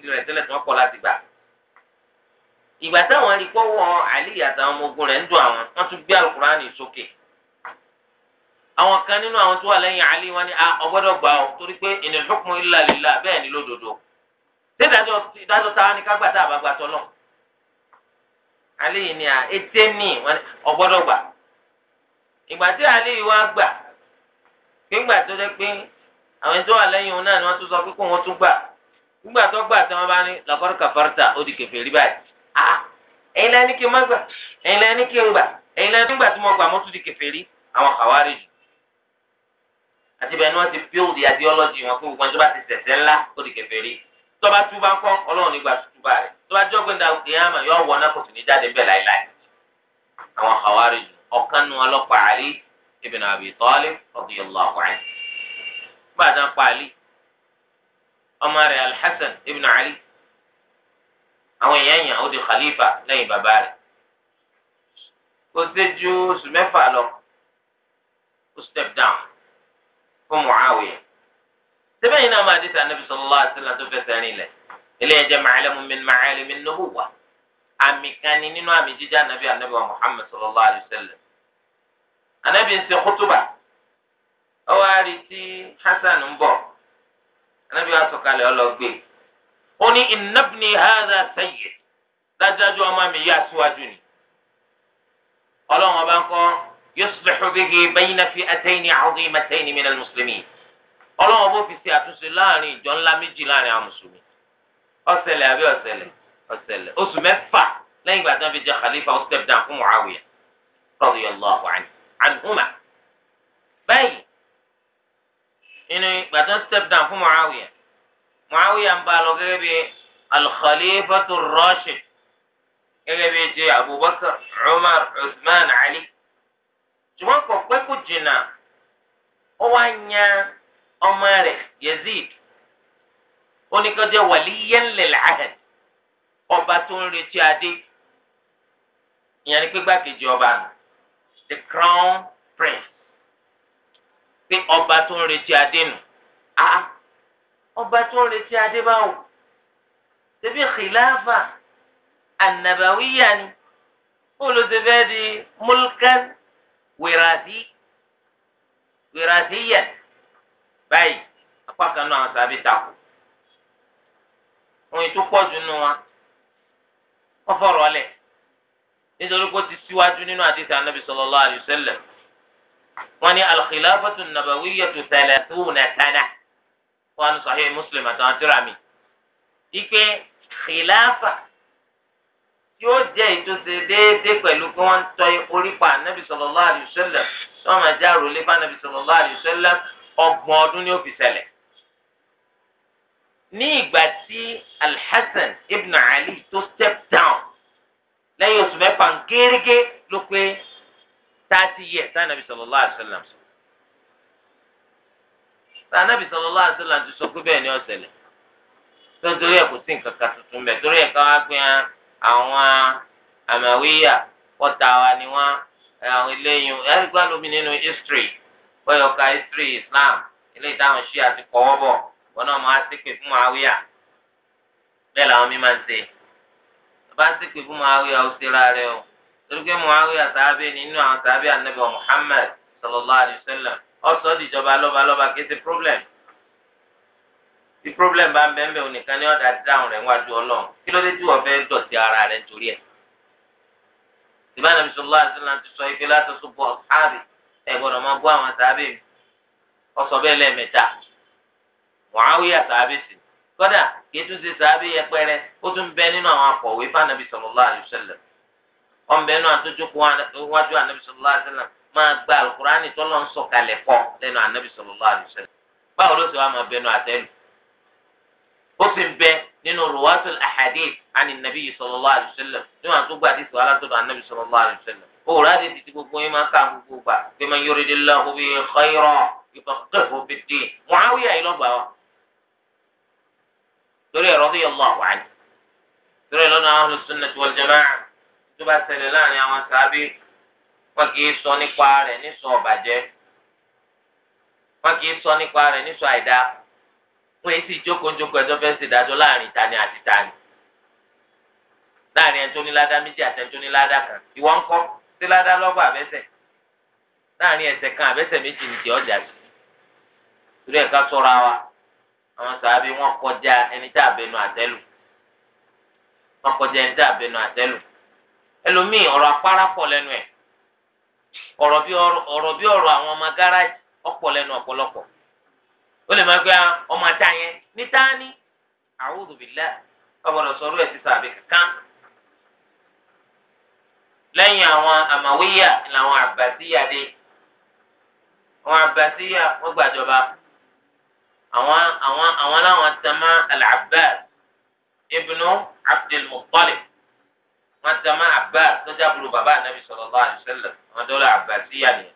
ìgbà táwọn rí pọ́wọ́ àlì àtàwọn ọmọ ogun rẹ̀ ń dùn àwọn wọ́n tún gbé alukurani sókè àwọn kan nínú àwọn tó wà lẹ́yìn àlì wọn ni a ọgbọ́dọ̀ gbà ọ torí pé inil hukmu illa lillah bẹ́ẹ̀ ni lódodo ṣé ìdájọ́ táwa ni kágbà tá a bá gbà tọ́lọ̀ àlì yìí ni à ètè ní ọgbọ́dọ̀ gbà ìgbà tí àlì yìí wá gbà gbígbà tó dé pé àwọn tó wà lẹ́yìn òun náà ni wọ́n tún sọ pé kó wọn tún gbà gbígbà tó gbà tí Ah, ẹ̀yin lẹ́ni kí n má gbà ẹ̀yin lẹ́ni kí n gbà ẹ̀yin lẹ́ni nígbà tí mo gbà mo tún di kèfèrí àwọn àwárí jù àti bẹ́ẹ̀ ni wọ́n ti build ideology wọn fún gbogbo ẹni tó bá ti ṣẹ̀ṣẹ̀ ńlá ó di kèfèrí tó bá túbá ńkọ́ ọlọ́run nígbà túbá rẹ̀ tó bá jọ́ gbẹ̀ndà kìyàmà yọ wọ náà kò sì ní jáde bẹ́ẹ̀ láìláì àwọn àwárí jù ọ̀kan nu ọlọ́pàá àlí ibn Abi Talib radiyallahu anhu bá a dán àwọn èèyàn yàn ó di khalifa lẹ́yìn bàbá rẹ̀ ó ṣẹ́jú oṣù mẹ́fà lọ ó step down fún Muawiya sẹ́bẹ̀ yìí náà máa dé sàn nàbì sallallahu alaihi wasallam tó fẹsẹ̀ rìn lẹ̀ ilé ẹ̀jẹ̀ ma'alamu min ma'alimi nubuwa àmì kan ni nínú àmì jíjá nàbì ànàbì wa Muhammad sallallahu alaihi wasallam ń ṣe kútùbà ọwọ́ àrí Hasan ń bọ̀ ànàbì wa sọ̀kalẹ̀ ọlọ́gbẹ́ ó ní ìnábìnrin hàdà sẹ́yìn dájúdájú ọmọ mi yá síwájú ni ọlọ́run ọba ń kọ́ yuslihu bihi bayna fi'atayni 'azimatayni minal muslimin ọlọ́run ọba ó fi ṣe àtúnṣe láàrin ìjọ ńlá méjì láàrin àwọn mùsùlùmí ọ̀sẹ̀lẹ̀ àbí ọ̀sẹ̀lẹ̀ ọ̀sẹ̀lẹ̀ oṣù mẹ́fà lẹ́yìn ìgbà tí wọ́n fi jẹ khalifa ó step down fún muawiya radiyallahu anhu anhuma báyìí nínú ìgbà tí wọ́n step down fún muawiya muawiya ń bá lọ gẹ́gẹ́ bí alxalifatu rashid gẹ́gẹ́ bí ti abubakar umar usman ali ṣùgbọ́n kò pẹ́ kò jìnnà ó wá nya ọmọ rẹ̀ yazid ó ní kó jẹ́ waliyan lil ahd ọba tó ń retí adé ìyẹn ni pé gbàkejì ọba nù the crown prince pé ọba tó ń retí adé nù á. Ah, ọba tó ń retí adébáwò ṣebí xìláfà ànàbàwíyà ni olùsèfẹ́ di mulkan wèrèsí wèrèsíyà báyìí apá kan náà sábẹ́ takò òun ètò pọ̀ jù nù wa wọ́n fọ̀rọ̀ lẹ̀ nítorí pé ó ti síwájú nínú àdìsá anábì sallallahu alayhi wa sallam wọ́n ní alxilafatu nàbàwíyà tó tẹ̀lé tó nà tánà wọn Sahih Muslim àtàwọn tíra mi ike khilafa yóò jẹ́ ìtòsí déédéé pẹ̀lú pé wọ́n ń tọ́ orí pa anabi sallallahu alaihi wasallam tí wọ́n máa já rọlé pa anabi sallallahu alaihi wasallam ọgbọ̀n ọdún ní òfin ṣẹlẹ̀. ní ìgbà tí alhassan ibn ali tó step down lẹ́yìn oṣù mẹ́fà gẹ́gẹ́ ló pé thirty years tí anabi sallallahu alaihi wasallam sànàbì sallallahu alaihi wasallam ti sọ pé bẹ́ẹ̀ ni ó ṣẹlẹ̀ tó ń kò sí nǹkan kan tuntun bẹ́ẹ̀ torí ẹ̀ ká wá pé àwọn àmàwíyà wa ni àwọn eléyìn nínú history history Islam eléyìí táwọn ṣí àti kọ́wọ́ bọ̀ wọn náà máa ṣépè fún àwíyà bẹ́ẹ̀ làwọn mi máa ń ṣe bá ṣépè fún o torí Muhammad sọlọlọ ọsọ dìjọba lọ́ba lọ́ba kìí ṣe problem tí problem bá ń bẹ́ẹ̀ bẹ́ẹ̀ onìkan ní ọ̀dà dáhùn rẹ̀ wájú ọlọ́run kí ló dé tí wọ́n fẹ́ dọ̀tí ara rẹ̀ nítorí ẹ̀. ìbáná mi sọlá àti náà ti sọ ife láti sọ bọ sáàbì ẹ gbọ́dọ̀ máa bọ àwọn sáàbì mi ọsọ bẹ́ẹ̀ lẹ́ẹ̀mẹ́ta Muawiya sáàbì sí kódà kì í tún ṣe sáàbì yẹpẹrẹ ó tún bẹ nínú àwọn akọ̀wé fún anabi sọlá àlùsẹlẹ ọ̀nbẹ náà tó jókòó wájú anabi sọlá àlùsẹlẹ máa gba alukurani tọ́lọ̀ ń sọ̀kalẹ̀ kọ́ lẹ́nu anabi sallallahu alaihi wasallam báwo ló ti wá máa bẹnu àtẹ́lu ó sì ń bẹ nínú ruwatul ahadith ani nabi sallallahu alaihi wasallam ní wọn àtúgbà àti sọ̀rọ̀ alátọ́dọ̀ anabi sallallahu alaihi wasallam òwúrọ̀ àti títí gbogbo yín máa ká gbogbo gbà pé man yuridillahu bihi khayran yufaqqihu fid-din Muawiya yìí lọ́gbà wa torí ẹ̀rọ tó yẹ àwọn àyè torí ẹ̀ lọ́nà ahlus sunnah wọn kì í sọ nípa rẹ̀ nísọ ọ̀bàjẹ́ wọn kì í sọ nípa rẹ̀ nísọ àìdá wọn èyí sì jókòó jókòó ẹjọ́ fẹ́ẹ́ sì dájọ́ láàrin tani àti tani láàrin ẹni tó ní ládá méjì àti ẹni tó kan ìwọ ń kọ́ sí ládá lọ́gbà àbẹ́sẹ̀ láàrin ẹsẹ̀ kan àbẹ́sẹ̀ méjì nìjẹ́ ọjà sí torí ẹ̀ka sọ́ra wa àwọn sàábí wọn kọjá ẹni tá àbẹnu àtẹ́lù wọn kọjá ẹni tá àbẹnu àtẹ́lù ẹlòmíì ọ̀rọ̀ apárá pọ̀ lẹ́nu ọ̀rọ̀ bí ọ̀rọ̀ bí ọ̀rọ̀ àwọn ọmọ gáràjì ọ̀pọ̀ lẹ́nu ọ̀pọ̀lọpọ̀ ó lè máa gbé ọmọ ata yẹn ní tání a'udhu billah ọ̀gbọ́dọ̀ sọ̀rọ̀ ẹ̀ sísá àbí kankan lẹ́yìn àwọn àmàwíyà làwọn àbàsíyà dé àwọn àbàsíyà wọ́n gbàjọba àwọn àwọn àwọn làwọn tamá al-Abbas ibnu wọn ti ma abbas lọjà bulu bàbá anabi sallallahu alaihi wasallam wọn dọlọ abbasiya ni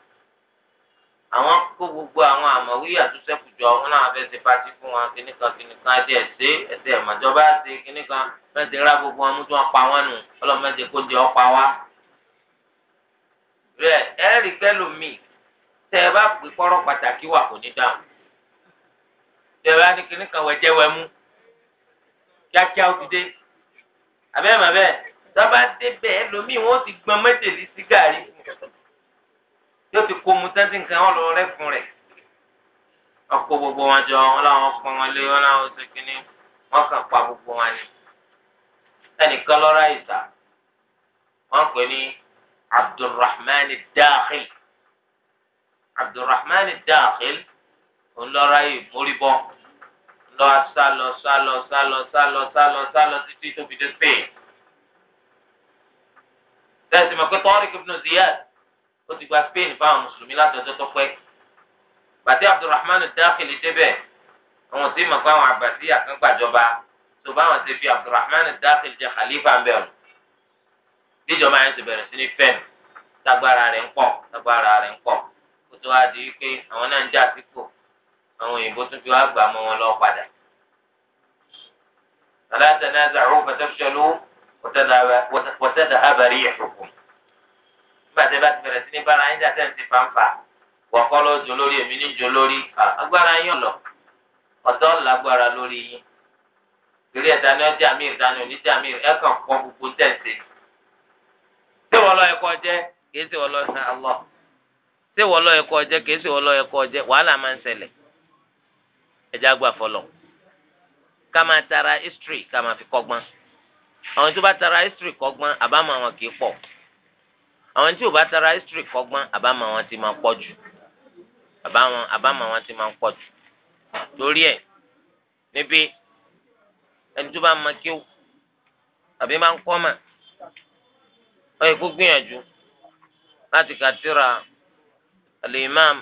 àwọn kó gbogbo àwọn àmọwí àtúnṣẹkù jọ wọn náà fẹẹ ṣe pati fún wọn kìnnìkan kìnnìkan ẹsẹ ẹsẹ ẹsẹ ìmọjọba ẹsẹ kìnnìkan mẹsẹ ńlá gbogbo wọn mú tí wọn pa wọn nù ọlọmọdé kó jẹ ọpa wa. rẹ ẹrí kẹlòmíì tẹ ẹ bá pè kọrọ pàtàkì wà kò ní dáhùn tẹ ẹ bá ní kìnnìkan wẹjẹwẹmú kíákíá ó ti dé àbẹ́ẹ̀mọ́ bẹ́ẹ̀ sábà débẹ̀ ẹlòmíì wọ́n ti gbọn mẹ́tẹ̀lì sí gàrí yóò ti kó mu tẹ́tí nǹkan wọn lọ rẹ́ fún rẹ̀ ọkọ̀ gbogbo wọn jọ wọn làwọn pọ̀ wọn lé wọn làwọn ṣe kínní wọn kàn pa gbogbo wọn ni ẹnìkan lọ́ra ìta wọn pè ní Abdulrahman Dakhil Abdulrahman Dakhil ńlọ́ra yìí mórí bọ́ sálọ sálọ sálọ sálọ sálọ sálọ títí tó fi dé tẹ̀sí ma pé Tariq ibn Ziyad ó ti gba Spain fáwọn mùsùlùmí látọjọ́ tó pẹ́ bàtí Abdulrahman Dakhili débẹ̀ àwọn tí ma pé àwọn àbàtì àkàngbàjọba tó bá wọn ti fi Abdulrahman Dakhili jẹ khalifa ń bẹ̀rù díjọba yẹn ti bẹ̀rẹ̀ sí ní fẹ́ẹ̀mù tagbara rẹ̀ ń pọ̀ tagbara rẹ̀ ń pọ̀ kó tó wá di wípé àwọn náà ń jà sípò àwọn òyìnbó tún fi wá gbà mọ́ wọn lọ padà. aláàtẹ̀ náà zàrú fẹsẹ̀ lówó. وتذهب ريحكم gbàtẹ́ bá ti àwọn tó bá tara history kọ́gbọ́n àbámọ̀ àwọn kì í pọ̀ àwọn tí ò bá tara history kọ́gbọ́n àbámọ̀ àwọn ti máa pọ̀ jù àbámọ̀ àbámọ̀ àwọn ti máa pọ̀ jù lórí ẹ̀ níbi ẹni tó bá máa kí ó àbí máa ń kọ́ mà ó yẹ kó gbìyànjú láti kàtírà al-imam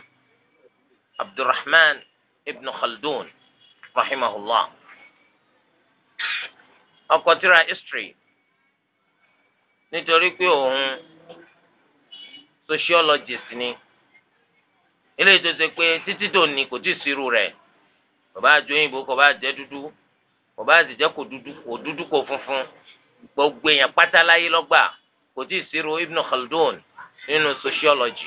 abdulrahman ibn khaldun rahimahullah ọkọ tíra history nítorí pé òun sociologist ni eléyìí tó ṣe pé títí tó ní kò tí ì sírú rẹ̀ kò bá jẹ́ òyìnbó kò bá jẹ́ dúdú kò bá sì jẹ́ kò dúdú kò dúdú kò funfun gbogbo èèyàn pátá láyé kò tí ì sírú Ibn Khaldun nínú sociology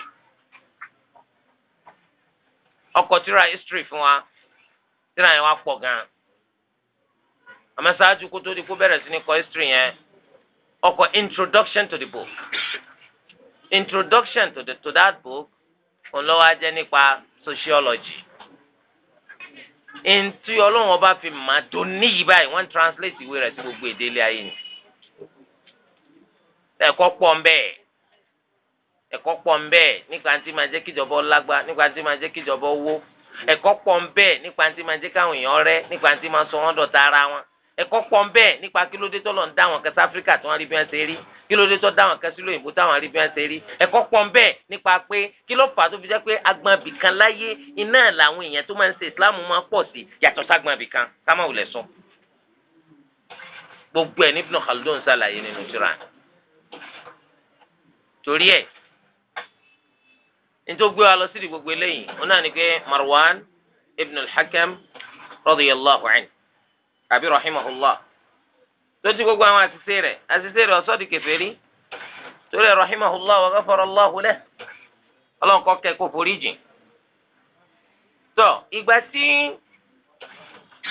ọkọ tíra history fún wa tíra yẹn wá pọ̀ gan àmọ́ ṣáájú kó tó di kó bẹ̀rẹ̀ sí ní kọ history yẹn ó introduction to the book introduction to, the, to that book òun lọ́wọ́ á jẹ́ nípa sociology ntí ọlọ́run ọba fi mà tó níyì báyìí wọ́n translate ìwé rẹ̀ sí gbogbo èdè ilé ayé ni ẹ̀kọ́ pọ̀ ń bẹ́ẹ̀ ẹ̀kọ́ pọ̀ ń bẹ́ẹ̀ nípa tí máa jẹ́ kíjọba ọlágbá nípa tí máa jẹ́ kíjọba owó ẹ̀kọ́ pọ̀ ń bẹ́ẹ̀ nípa tí máa jẹ́ káwọn èèyàn rẹ́ nípa tí máa sọ wọ́n dọ̀tá ara wọn ẹ̀kọ́ pọ̀ ń bẹ́ẹ̀ nípa kí ló dé tọ́lọ̀ ń dá àwọn kan sí áfíríkà tí wọ́n rí bí wọ́n ṣe rí kí ló dé tọ́ dá àwọn kan sí lóyìnbó táwọn rí bí wọ́n ṣe rí ẹ̀kọ́ pọ̀ ń bẹ́ẹ̀ nípa pé kí ló fà á tó fi jẹ́ pé agbọ̀nbì kan láyé iná làwọn èèyàn tó máa ń ṣe ìsìláàmù máa pọ̀ sí yàtọ̀ ságbọ̀nbì kan kámáwò lẹ̀ sọ. gbogbo ẹ̀ ní Ibn Khaldun ṣàlàyé nínú tírà torí ẹ̀ nítorí gbé wa lọ sí di gbogbo eléyìí Marwan ibn al-Hakam radiyallahu anhu àbí rahimahullah lójú gbogbo àwọn àṣìṣe rẹ̀ àṣìṣe rẹ̀ ọ̀sọ́ di kèfèrí torí ẹ̀ rahimahullah wa ghafarallahu lahu ọlọ́run kọ́ kẹ́ kó forí jìn. tọ́ ìgbà tí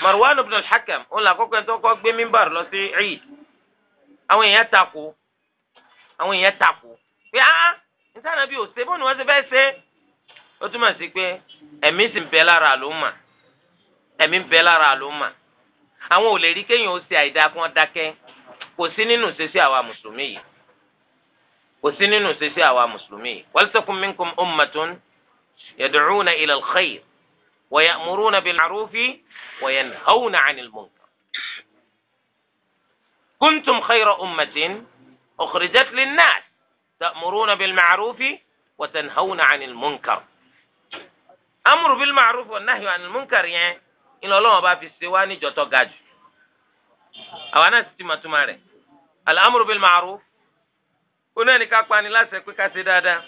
marwan ibn al-hakam òun là kọ́kọ́ tó kọ́ gbé mímbà lọ sí eid àwọn èèyàn takò àwọn èèyàn takò pé ah nítorí bí òsè bọ́ọ̀nù wọn ti fẹ́ ṣe ó túmọ̀ sí pé ẹ̀mí sì ń bẹ lára àwọn ò lè rí kéèyàn ó ṣe àìdá kí wọ́n dákẹ́ kò sí nínú ṣe sí àwa mùsùlùmí yìí kò sí nínú ṣe sí àwa mùsùlùmí yìí wọ́n sọ waltakum minkum ummatun yad'una ila al-khayr wa ya'muruna bil-ma'rufi wa yanhawna 'anil munkar kuntum khayra ummatin ukhrijat lin-nas ta'muruna bil-ma'rufi wa tanhawna 'anil munkar amru bil-ma'rufi wan-nahyu 'anil munkar yẹn. ńlọ ọlọ́wọ́n bá fi ṣe wá níjọ tó ga jù àwa náà sì ti mọ̀ túmọ̀ rẹ̀ al-amru bil ma'ruf oní ẹni ká pani láti ẹ pé ká ṣe dáadáa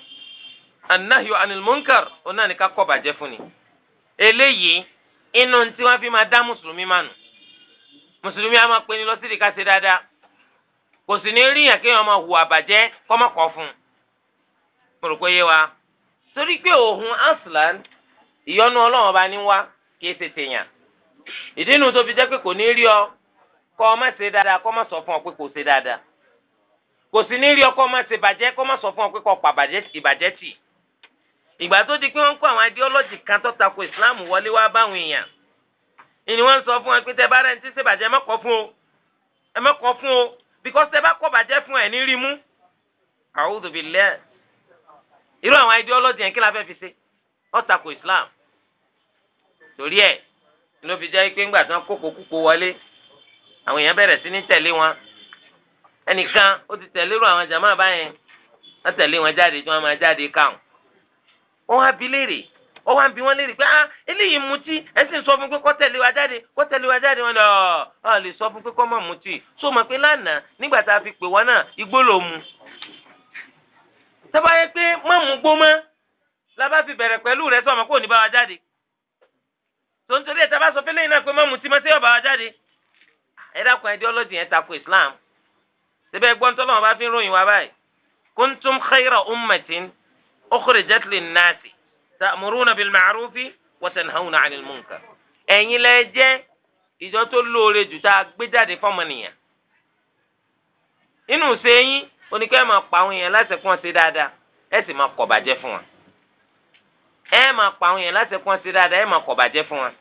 an-nahyu anil munkar oní ẹni ká kọ̀ bàjẹ́ fún ni eléyìí inú tí wọ́n fi máa dá mùsùlùmí mánu mùsùlùmí a máa pe ni lọ sí ìdíkà ṣe dáadáa kò sì ní ríyàn kéèyàn máa hùwà bàjẹ́ kọ́mọ̀kọ́ fún un mo rò pé yé wa torí pé òun aslan ìyọnu ọlọ́run ọba ní wá kì í ṣe tèèyàn ìdí inú tó fi jẹ́ pé kò ní rí ọ kọ́ ọ má ṣe dáadáa kọ́ má sọ fún ọ pé kò ṣe dáadáa kò sì ní rí ọ kọ́ má ṣe bàjẹ́ kọ́ má sọ fún ọ pé kọ́ pa ìbàjẹ́ tì ìgbà tó di pé wọ́n kó àwọn ideology kan tó tako Islam wọlé wá báwọn èèyàn ìní wọ́n sọ fún ọ pé tẹ bá rẹ̀ ń tí ṣe bàjẹ́ ẹ má kọ́ fún o ẹ má fún o because tẹ bá kọ́ bàjẹ́ fún ẹ̀ ní rí mú a'udhu billah irú àwọn ideology yẹn kí Islam torí ẹ̀ ló fi jẹ́ pé ńgbà tí wọ́n kókó kúkó wọlé àwọn èèyàn bẹ̀rẹ̀ sí ní tẹ̀lé wọn ẹnìkan ó ti tẹ̀lé ru àwọn jàmáà báyẹn wọ́n tẹ̀lé wọn jáde tí wọ́n máa jáde káwọn. wọ́n wá bi léèrè wọ́n wá bi wọ́n léèrè pé ah eléyìí mutí ẹ sì ń sọ fún pé kó tẹ̀lé wa jáde kó tẹ̀lé wa jáde wọn lọ ọ lè sọ fún pé kó má mutí so mọ̀ pé lánàá nígbà tá a fi pè wọ́n náà igbó ló mu. sábà pé má gbó mọ́ la bá fi bẹ̀rẹ̀ pẹ̀lú rẹ tó ń torí ẹ̀ tábà sọ fẹ́lẹ́ yìí náà pé má mutí mọ́tẹ́ ọ̀bà wa jáde ẹ dákun ideology yẹn takò Islam síbẹ̀ gbọ́n tó lọ́wọ́ bá fi ń ròyìn wá báyìí kuntum khayra ummatin ukhrijat lin-nasi ta'muruna bil-ma'rufi wa tanhawna 'anil munkar ẹ̀yin lẹ jẹ́ ìjọ tó lóore jù tá a gbé jáde fọ́mọnìyàn inú sẹ́yìn oníkẹ́ ẹ̀ máa pa àwọn èèyàn láti kún ọtí dáadáa ẹ sì máa kọ̀ bàjẹ́ fún wọn ẹ máa pa àwọn èèyàn láti kún ọtí dáadáa ẹ máa kọ̀ bàjẹ́ fún wọn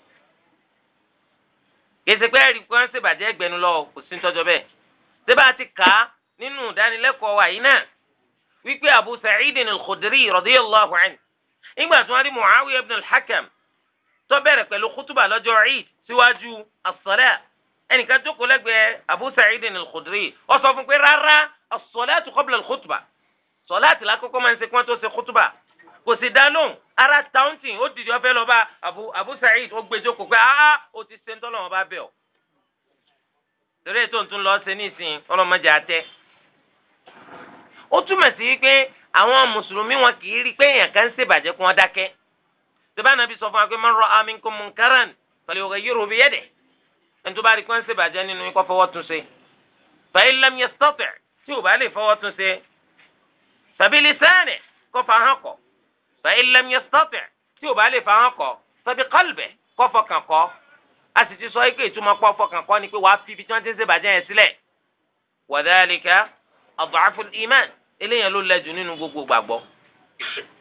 kèsì pé ẹ̀rí pé wọ́n ṣèbàjẹ́ ẹgbẹ́nu lọ kò sí tọ́jọ́ bẹ́ẹ̀ ṣé bá a ti kà á nínú ìdánilẹ́kọ̀ọ́ wa yìí náà wípé Abu Sa'id al-Khudri radiyallahu anhu nígbà tí wọ́n rí Muawiya ibn al-Hakam tó bẹ̀rẹ̀ pẹ̀lú kútùbà lọ́jọ́ Eid síwájú as-salat ẹnìkan jókòó lẹ́gbẹ̀ẹ́ Abu Sa'id al-Khudri ó fún pé rárá as-salatu qabla kò sì dá lóhùn ara taunting ó dìde ọfẹ lọ bá Abu Abu Sa'id ó gbẹjọ kó pé áá ó ti ṣe ń wọn bá bẹ̀ ọ́. torí ètò òtún lọ ṣe nísìnyí ọlọ́mọdé àtẹ. ó túmọ̀ sí pé àwọn mùsùlùmí wọn kì í rí pé èèyàn kan ń ṣèbàjẹ́ kí wọ́n dákẹ́. tẹ́bá nàbí sọ fún wa pé man ra'a minkum munkaran falyughayyiru biyadihi. ẹni tó bá rí pé ń ṣèbàjẹ́ nínú ikọ́ fọwọ́ tún ṣe. fa in lam tí ò bá lè fọwọ́ tún ṣe. tàbí lisanihi kọ́ fa hàn kọ́ fa illam yastati' tí ò bá lè fa wọn kọ sọbi qalbi kó fọkàn kọ a sì ti sọ ike ìtumọ̀ pọ̀ fọkàn kọ ni pé wàá fi ibi tí wọ́n ti ń ṣèbàjẹ́ yẹn sílẹ̀ wa dhalika ad'afu al-iman eléyàn ló lẹ́jù nínú gbogbo gbàgbọ́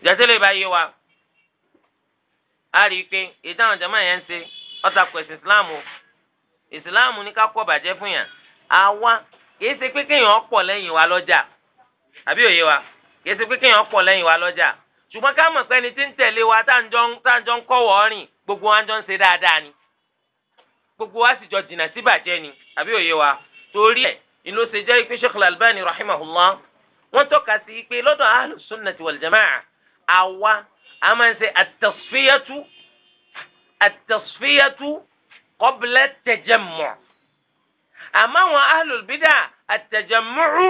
jẹ́sílẹ̀ bá yé wa a rí i pé ìdáhùn jama yẹn ń ṣe ọ̀tà pẹ̀sì ìsìláàmù ìsìláàmù ní ká kọ́ bàjẹ́ fún yàn àwa kìí ṣe pé kéèyàn pọ̀ lẹ́yìn wa lọ́jà àbí òye wa kìí ṣe pé kéèyàn pọ̀ lẹ́yìn wa lọ́jà ṣùgbọ́n ká mọ̀ pé ẹni tí ń tẹ̀lé wa táǹjọ́ ń kọ́wọ́ rìn gbogbo wa jọ ń ṣe dáadáa ni gbogbo wa sì jọ jìnnà sí bàjẹ́ ni àbí òye wa torí ẹ̀ ìlú ṣe jẹ́ pé Sheikh Al-Albani rahimahullah wọ́n tọ́ka sí pé lọ́dọ̀ ahlus sunnati wal jamaa àwa a máa ń ṣe at-tasfiyatu at-tasfiyatu àmọ́ àwọn ahlul bid'ah at-tajammu'u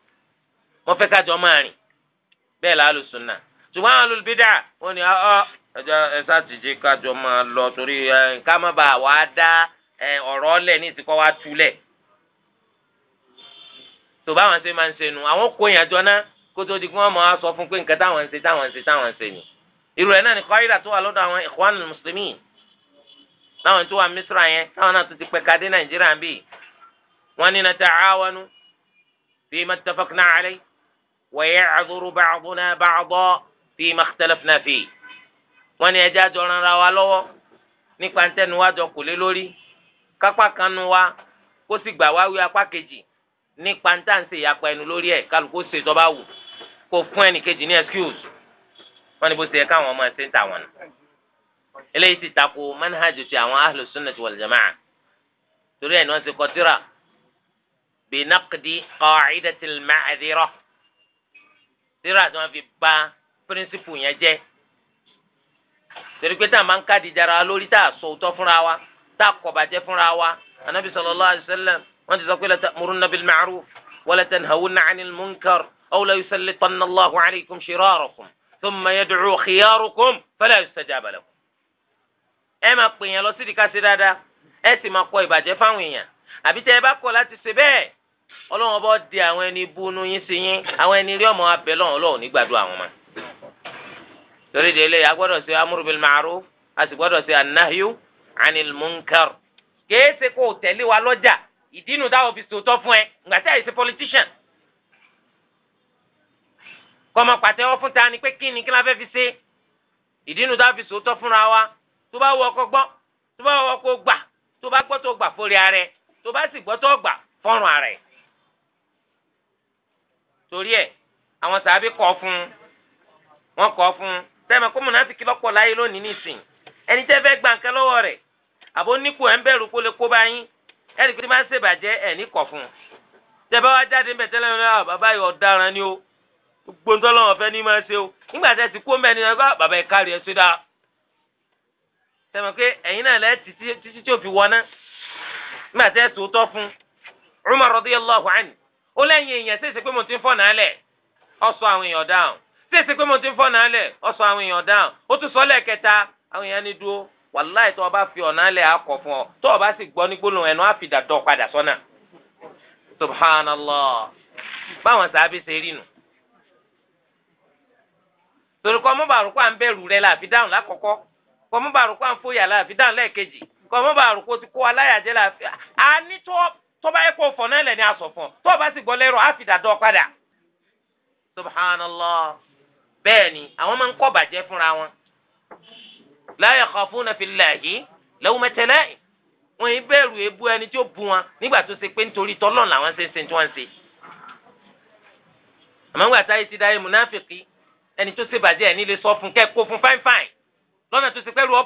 wọ́n fẹ́ kájọ máa rìn bẹ́ẹ̀ la alùsùnà ṣùgbọ́n àwọn olùbídà wọ́n ní ọ́ ẹjọ́ ẹ̀sà tìjì kájọ máa lọ torí ká má bàa wá dá ọ̀rọ̀ lẹ̀ ní ìsìnkọ́ wá túlẹ̀ tó báwọn ṣe máa ń ṣe nu àwọn kó yànjọ náà kó tó di kí wọ́n máa sọ fún pé nǹkan táwọn ń ṣe táwọn ń ṣe táwọn ń ṣe ni irú ẹ̀ náà ni kọ́ìdà tó wà lọ́dọ̀ àwọn Ikhwanul Muslimin láwọn tó wà Misra yẹn táwọn náà tó ti pẹ̀ka dé Nàìjíríà bíi wọ́n ní na ta'awanu fi ma ttafaqna alayhi ويعذر بعضنا بعضا فيما اختلفنا فيه wọ́n ní ẹja jọ ran ra wa lọ́wọ́ nípa ntẹnu wa jọ kò lé lórí kápá kan nu wa kó sì gbà wá wí apá kejì nípa ntànṣe ìyapa ẹnu lórí ẹ kálukú ṣe tọ́ba wù kó fún ẹnìkejì ní excuse wọ́n ní bó ṣe yẹ káwọn ọmọ ẹsẹ ń tà wọn. eléyìí sì tako manhajú ti àwọn ahlu sunnati wal jamaa torí ẹ̀ ni ti kọ tírà bi naqdi qa'idatil ma'dhira tíra tí wọ́n fi bà píríncípù yẹn jẹ́ torí pé tá a máa ń káàdì jara lórí tá a sọ òótọ́ fúnra wa tá a kọ̀bàjẹ́ fúnra wa anabi sallallahu alayhi wa sallam wọ́n ti sọ pé la ta'murunna bil ma'ruf wa la tanhawunna 'anil munkar aw la yusallitanna Allahu 'alaykum shirarakum thumma yad'u khiyarukum fala yustajaba ẹ máa pè lọ sídìí ká ṣe dáadáa ẹ sì máa kọ ìbàjẹ́ fáwọn èèyàn àbí tẹ ẹ bá kọ̀ láti ṣe bẹ́ẹ̀ ọlọ́run ọba di àwọn ẹni búnú yín sí yín àwọn ẹni rí ọmọ abẹ lọ́wọ́ ọlọ́run nígbàdúrà àwọn ọmọ. torí délé a gbọ́dọ̀ ṣe amúrú bil ma'ruf a sì gbọ́dọ̀ ṣe anahyu anil munkar. kéésì kò tẹ̀lé wa lọ́jà ìdínú táwọn fi sòótọ́ fún ẹ ǹgbà tí àìsí politician. kọ́mọ pàtẹ́wọ́ fún ta ni pé kí ni kí la fẹ́ fi ṣe ìdínú táwọn fi sòótọ́ fúnra wa tó bá wọ ọkọ gbọ́ tó bá wọ ọkọ gbà tó bá gbọ́ tó gbà fórí ara ẹ tó bá sì gbọ́ tó gbà fọ́rùn ara ẹ̀ torí ẹ̀ àwọn sàbí kọ̀ fún wọn kọ̀ fún sẹ́mi kó múnátìkì lọ́pọ̀ láyé lónìí nìsín ẹni tẹ́ fẹ́ gba nǹkan lọ́wọ́ rẹ̀ àbó nípò ẹ̀ ń bẹ̀rù kó lè kó bá yín ẹni pé ní máa ń ṣèbàjẹ́ ẹ̀ ní kọ̀ fún un tẹ́ bá wá jáde ńbẹ̀ tẹ́lẹ̀ náà ah, bàbá yìí ọ̀daràn ni o gbogbo ńlọ́wọ́ fẹ́ ní máa ṣe o nígbà tẹ́ ti kó mẹ́ni náà bàbá yìí kárí ẹ ṣe dáa sẹ́mi pé ẹ̀yin náà lẹ́ẹ̀ títí tí ò fi wọná nígbà tẹ́ sòótọ́ fún Umar radiyallahu anhu ó lẹ́yìn èèyàn ṣèṣe pé mo ti ń fọ̀ náà lẹ̀ àwọn èèyàn dáhùn ṣèṣe pé mo ti ń ọ àwọn èèyàn dáhùn ó tún sọ lẹ́ẹ̀kẹta àwọn èèyàn ní dúró wàláì tó o bá fi ọ̀nà lẹ̀ akọ̀ fún ọ tó o bá sì gbọ́ ní gbólóhùn ẹnu á fi padà sọ́nà subhanallah báwọn ṣe rí nu torí kọ́ à ń bẹ̀rù rẹ dáhùn lákọ̀ọ́kọ́ ti kó tẹ́lẹ̀ ní aṣọ fún ọ tó o bá sì gbọ́ lẹ́rọ á fi dàdọ́ padà subhanallah bẹ́ẹ̀ ni àwọn máa ń kọ́ bàjẹ́ fúnra wọn la yakhafuna fillahi lawmata la'im wọn yìí bẹ̀rù ebu ẹni tí ó bu wọn nígbà tó ṣe pé nítorí tọ́lọ́n làwọn ṣe ń ṣe tí wọ́n ń ṣe àmọ́ ńgbà táyé ti dáyé munafiki ẹni tó ṣe bàjẹ́ ẹ̀ nílé sọ fún kẹ́ kó fún fáìfáì lọ́nà tó ṣe pẹ́rù ọ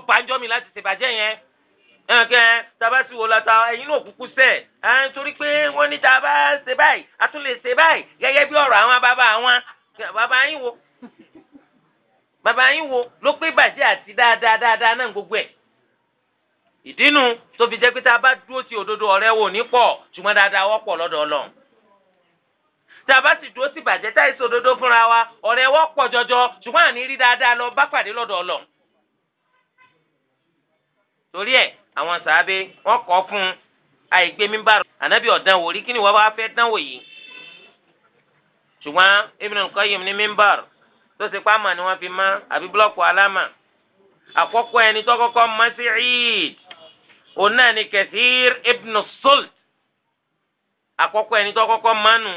ẹnkẹ taba ti wò lọta ẹyin náà kúkú sẹ ẹ torí pé wọn ní taba ṣe báyìí a tún lè ṣe báyìí gẹ́gẹ́ bí ọ̀rọ̀ àwọn bàbá àwọn bàbá yín wo bàbá yín wo ló pé bàjẹ́ àti dáadáa dáadáa náà gbogbo ẹ̀ ìdínú tó fi jẹ́ pé tá a bá dúró sí òdodo ọ̀rẹ́ wò ní pọ̀ ṣùgbọ́n dáadáa wọ́pọ̀ lọ́dọ̀ Ọlọ́run tá a bá sì dúró sí bàjẹ́ tá ìṣe òdodo fúnra wa ọ̀rẹ́ wọ́pọ̀ jọjọ ṣùgbọ́n àní àwọn sàábé wọ́n kọ́ fún un àìgbé mímbàrò ànábì ọ̀dánwò rí kí ni wọ́n bá fẹ́ dánwò yìí ṣùgbọ́n Ibn al-Qayyim ní mímbàrò tó ṣe pàmò ni wọ́n fi mọ́ àbí búlọ́ọ̀kù alámà àkọ́kọ́ ẹni tó kọ́kọ́ mọ́ sí Eid òun náà ni Kathir ibn Sult àkọ́kọ́ ẹni tó kọ́kọ́ mánu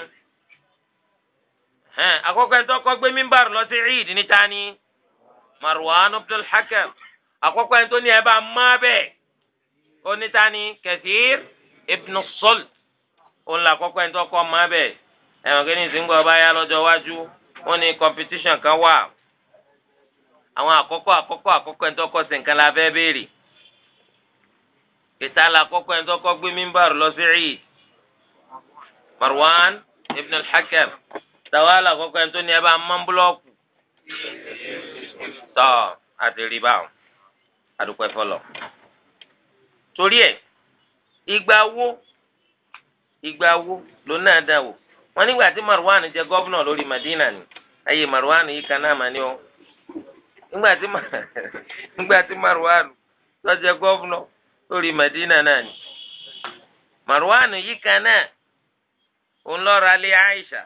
hẹn àkọ́kọ́ ẹni tó kọ́kọ́ gbé mímbàrò lọ sí Eid níta ni Marwan ibn al-Hakam àkọ́kọ́ ẹni tó ní ẹ bá má bẹ́ẹ̀ onítàní Kathir ibn Salt òun là kọ́kọ́ ẹni tó kọ́ ọmọ abẹ ẹ̀wọ̀n kí ni ìsìnkú ọba yá lọ́jọ́ iwájú ó ní competition kan wà àwọn àkọ́kọ́ àkọ́kọ́ àkọ́kọ́ ẹni tó kọ́ sí la fẹ́ béèrè ìta la kọ́kọ́ ẹni tó kọ́ gbé mímbàrú lọ sí Eid Marwan ibn al-Hakam tàwa la kọ́kọ́ ẹni tó ní ẹ bá mọ́ búlọ́ọ̀kù tọ́ àti rí báwọn adúpẹ́ fọlọ́. torí ẹ̀ ìgbà wo ìgbà wo ló náà dà wò wọn nígbà tí Madina ni ayé Marwan yìí kan náà mà ní o nígbà tí nígbà tí Marwan Madina náà ni Marwan yìí kan náà òun lọ́ra lé Aisha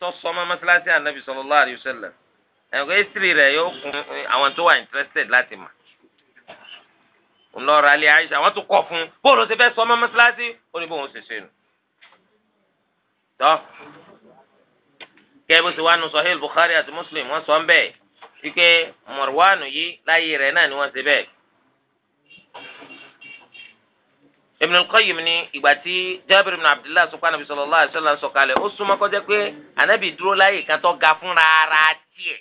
tó sọmọ mọ́sálásí Ànábì sallallahu alaihi wasallam ẹ̀kọ́ history rẹ̀ yóò kún àwọn tó wà interested láti mọ̀. ńlọrọ alẹ Aisha wọn tún kọ fún bóòlù ṣe fẹ́ sọ ọmọ mọ́ṣáláṣí ó ní bóun ṣe ṣe nù. tọ́ kẹ́ bó ṣe wá nu Sahih Bukhari àti Muslim wọ́n sọ ń bẹ́ẹ̀ wípé Marwanu yìí láyé rẹ̀ náà ni wọ́n ṣe bẹ́ẹ̀. Ibn al-Qayyim ni ìgbà tí Jabir ibn Abdullah sọ pé anabi sallallahu alaihi wasallam sọ kalẹ̀ ó súnmọ́ kọjá pé anabi dúró láyé kan tó ga fún rárá tiẹ̀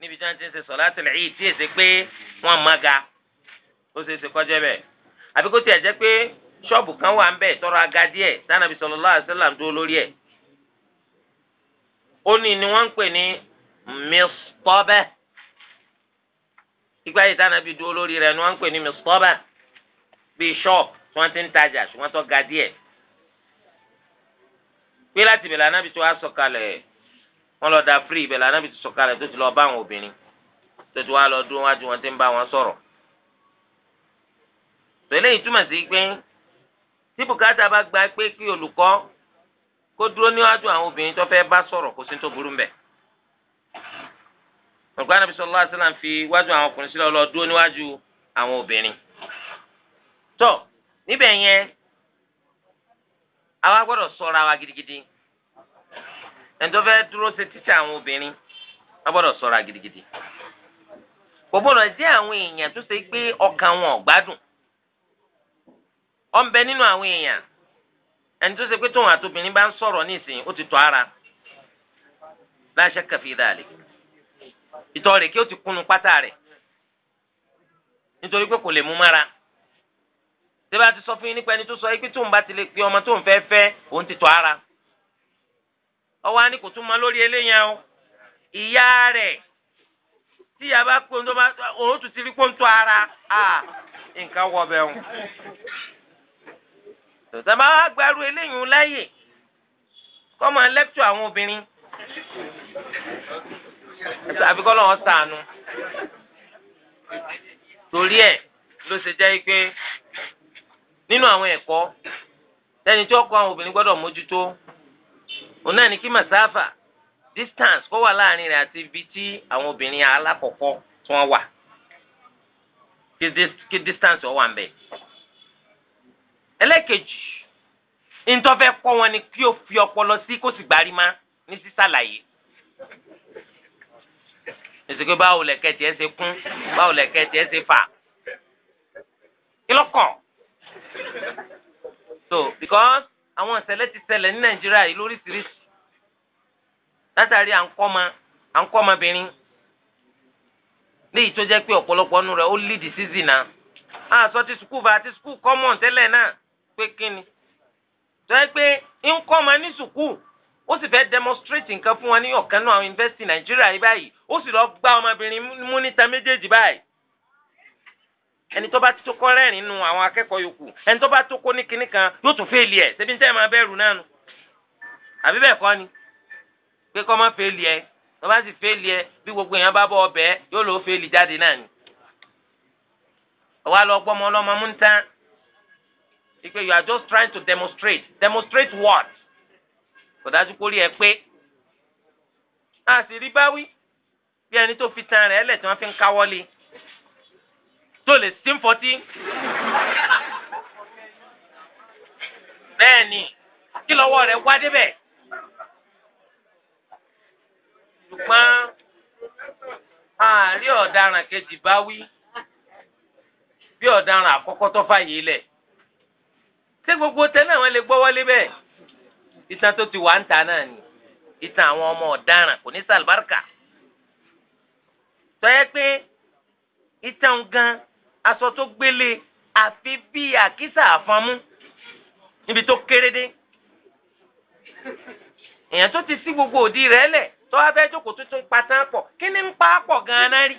níbi tí ń ṣe salatul ó ṣeé ṣe kọjá bẹ́ẹ̀ àbí kó tiẹ̀ jẹ́ pé ṣọ́ọ̀bù kan wà ń bẹ̀ tọrọ aga díẹ̀ tánàbí sallallahu alaihi wasallam dúró lórí ẹ̀ ó ní ni wọ́n ń pè ní mistọ́bẹ̀ ìgbà yìí tánàbí dúró lórí rẹ̀ ni wọ́n ń pè ní mistọ́bẹ̀ bíi ṣọ́ọ̀bù tí wọ́n ti ń tajà ṣùgbọ́n tó ga díẹ̀ pé láti ìbẹ̀lẹ̀ anábì tó wá sọ̀kalẹ̀ wọ́n lọ da firi ìbẹ̀lẹ̀ anábì tó sọ̀kalẹ̀ tó ti lọ bá àwọn obìnrin tó ti wá lọ dúró wájú wọn ti ń bá wọn sọ̀rọ̀ tẹ̀lé ìtumọ̀ sí pé tí bùkátà bá gba pé kí olùkọ́ kó dúró níwájú àwọn obìnrin tó fẹ́ bá sọ̀rọ̀ kó sí tó burú mbẹ̀. ọ̀gbọ́n Ànábì sallallahu alaihi wasallam fi wájú àwọn ọkùnrin sílẹ̀ lọ dúró níwájú àwọn obìnrin. tọ́ níbẹ̀ yẹn àwa gbọ́dọ̀ ṣọ́ra wa gidigidi ẹni tó fẹ́ dúró ṣe títí àwọn obìnrin wọ́n gbọ́dọ̀ ṣọ́ra gidigidi. kò gbọ́dọ̀ jẹ́ àwọn èèyàn tó ṣe pé ọkàn wọn ò ọ̀nbẹ nínú àwọn èèyàn ẹni tó ṣe pé tóun àtòbìnrin bá ń sọ̀rọ̀ nísìnyí ó ti tọ́ ara láṣẹ kẹfì dàlẹ́ ìtọ́ rẹ̀ kí ó ti kunu pátá rẹ̀ nítorí pé kò lè mú mára tẹ́lá ti sọ fún yín nípa ẹni tó sọ yín pé tóun bá ti lè pe ọmọ tóun fẹ́ fẹ́ òun ti tọ́ ara ọwọ́ á ní kò tún mọ lórí eléyàn o ìyá rẹ̀ tí ìyá bá pé òun tó bá òun tún ti rí pé òun tọ́ ara nǹkan wọ bẹ́ẹ̀ o tòtá bá wá gbarú eléyìí láyè kọ́ máa lẹ́kítọ̀ àwọn obìnrin àbí kọ́ lọ́wọ́ sànù torí ẹ̀ ló ṣe jẹ́ pé nínú àwọn ẹ̀kọ́ tẹ́ni tí ó kọ́ àwọn obìnrin gbọ́dọ̀ mójútó òun náà ní kí màsáfà distance kó wà láàrin rẹ̀ àti ibi tí àwọn obìnrin alákọ̀ọ́kọ́ tí wọ́n wà kí distance ó wà ń bẹ̀ ẹlẹ́kejì ntọ́fẹ́ kọ́ wọn ni kí o fi ọpọlọ sí kó sì gbárí má ní sísàlàyé èsìkò báwo lẹ̀kẹ́ tiẹ̀ ṣe kún báwo lẹ̀kẹ́ tiẹ̀ ṣe fà kílọ̀kàn so because àwọn ìṣẹ̀lẹ̀ ti ṣẹlẹ̀ ní nàìjíríà yìí lóríṣiríṣi látàrí à ń kọ́ ma à ń kọ́ ọmọbìnrin léyìí tó jẹ́ pé ọ̀pọ̀lọpọ̀ ọ̀nù rẹ̀ ó lead sí zina àṣọ ti sukùl bá ti sukùl kọ́mọ̀ tẹ́lẹ̀ náà pé kíni tọ́yẹ pé ń kọ́ ọmọ ní sùkúù ó sì fẹ́ demonstrate nǹkan fún wọn ní ọ̀kan náà àwọn university nàìjíríà yìí báyìí ó sì lọ gbá ọmọbìnrin mú níta méjèèjì báyìí ẹni tó bá ti tó kọ́ rẹ́rìn nínú àwọn akẹ́kọ̀ọ́ yòókù ẹni tó bá tó kó ní kinní kan yóò tún fèèlì ẹ̀ ṣebí ń tẹ́ ẹ̀ máa bẹ̀rù náà nù àbí bẹ́ẹ̀ kọ́ ni pé kọ́ máa fèèlì ẹ̀ tó bá sì fèèlì ẹ̀ bí gbogbo èèyàn bá bọ̀ ọbẹ̀ yóò lọ fèèlì jáde náà ni ọ̀wá lọ gbọ́mọ ọlọ́mọ mú ń tán ipe you are just trying to demonstrate demonstrate what kò dájú kó rí ẹ pé a sì rí báwí bí ẹni tó fi tan rẹ̀ ẹlẹ̀ tí wọ́n fi ń káwọ́lé tó lè sí fọtí bẹ́ẹ̀ ni kí lọ́wọ́ rẹ̀ wá débẹ̀ ṣùgbọ́n àárí ọ̀daràn kejì báwí bí ọ̀daràn àkọ́kọ́ tó fàyè lẹ̀ ṣé gbogbo tẹ náà wọn lè gbọ́ wọlé bẹ́ẹ̀ ìtàn tó ti wà ń ta náà ni ìtàn àwọn ọmọ ọ̀daràn kò ní sàlùbáríkà tọ́yẹ pé ìtàn gan aṣọ tó gbélé àfi bí àkísà àfọmú níbi tó kéré dé èèyàn tó ti sí gbogbo òdi rẹ̀ lẹ̀ tó wá fẹ́ jókòó tó tún patán pọ̀ kí ni ń pa pọ̀ gan-an rí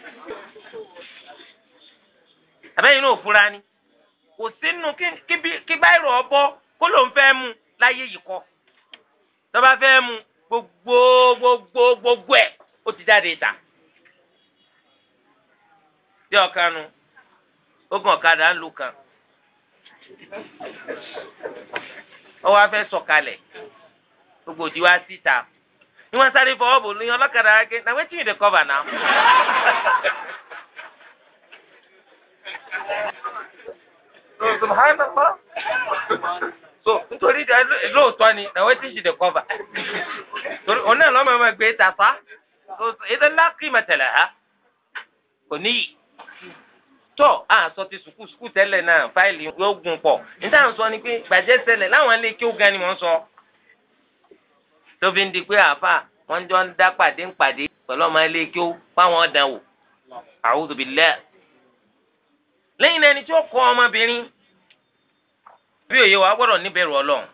àbẹ́yìn náà ò fura ni kò sínú kí báyìí ọbọ kó ló ń fẹ́ mu láyé yìí kọ́ tọ́ba fẹ́ mu gbogbo gbogbo gbogbo ẹ̀ ó ti jáde ìta bí ọ̀kanu ogun ọ̀kadà ń lu kan ọwọ́ afẹ́ sọ̀kalẹ̀ gbogbo òdi wá síta ni wọ́n sáré fọwọ́ bò lóyún ọlọ́kadà wá na wetin you dey cover now. so subhanallah so nítorí lóòótọ́ ni náà wọ́n ti ṣì dé kọ́fà torí òun náà lọ́mọ ẹgbẹ́ gbé ta fa so ètò ńlá kì í mẹ̀tẹ̀lẹ̀ ha kò níyì tọ́ a sọ ti sùkúù sùkúù tẹ́lẹ̀ náà fáìlì yóò gùn pọ̀ níta sọ ni pé gbàjẹ́ ṣẹlẹ̀ láwọn ilé kí ó gan ni mò ń sọ tóbi ń di pé àáfà wọ́n jọ ń dá pàdé ń pàdé pẹ̀lú ọmọ ilé kí ó fáwọn ọ̀dàn wò a'udhu billah lẹ́yìn náà ẹni tí ó kọ ọmọbìnrin bí òye wa gbọ́dọ̀ níbẹ̀rù ọlọ́run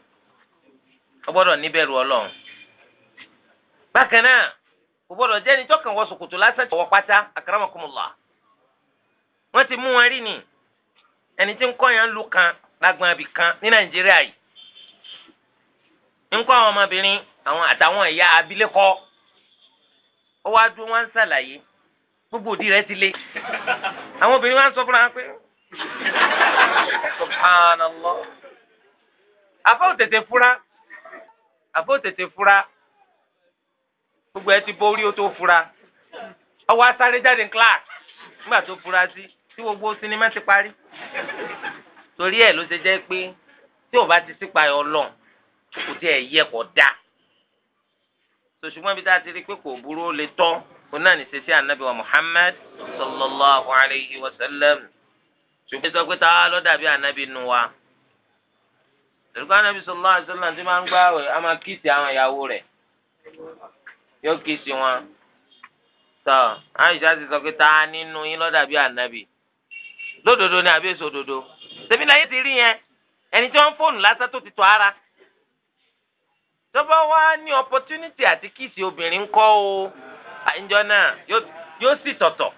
ó gbọ́dọ̀ níbẹ̀rù ọlọ́run bákan náà kò gbọ́dọ̀ jẹ́ ẹni tí ó kàn wọ ṣòkòtò lásán tí ó pátá akaramakumullah wọ́n ti mú wọn rí ni ẹni tí ń kọ́ yẹn ń lu kan lágbọn abì kan ní nàìjíríà yìí ń kọ́ àwọn ọmọbìnrin àwọn àtàwọn ẹ̀yà abilékọ ó wá dún wọn ń ṣàlàyé gbogbo òdì rẹ̀ ti le àwọn obìnrin wa ń sọ fúnra wọn pé subhanallah àfọ òtètè fura àfọ òtètè fura gbogbo ẹ ti bọ orí o tó fura ọwọ asáré jáde ní class nígbà tó fura sí tí gbogbo sinimá ti parí torí ẹ ló ṣe jẹ́ pé tí o bá ti sípa ẹ Ọlọ́run kò tí ẹ yẹ kó dáa tòṣùgbọ́n bí tá a ti rí i pé kò burú ó lè tọ́ onáà ní sẹ́sẹ́ anabi wa muhammad sallallahu alayhi wa sallam ṣùgbọ́n sọ pé táwa ló dàbí anabi nu wa ṣùgbọ́n anabi sallallahu alayhi wa sallam ti máa ń gbààwẹ̀ a máa kíìsì àwọn ìyàwó rẹ̀ yóò kíìsì wọn tọ́ àyíṣà ti sọ pé táwa nínú yín ló dàbí anabi lódodo ni àbí èso òdodo tèmi láyé ti rí yẹn ẹni tí wọ́n fóònù lásán tó ti tọ́ ara tó bá ní opportunity àti kíìsì obìnrin kọ́ o. àìjọ ah, náà yóò sì tọ̀tọ̀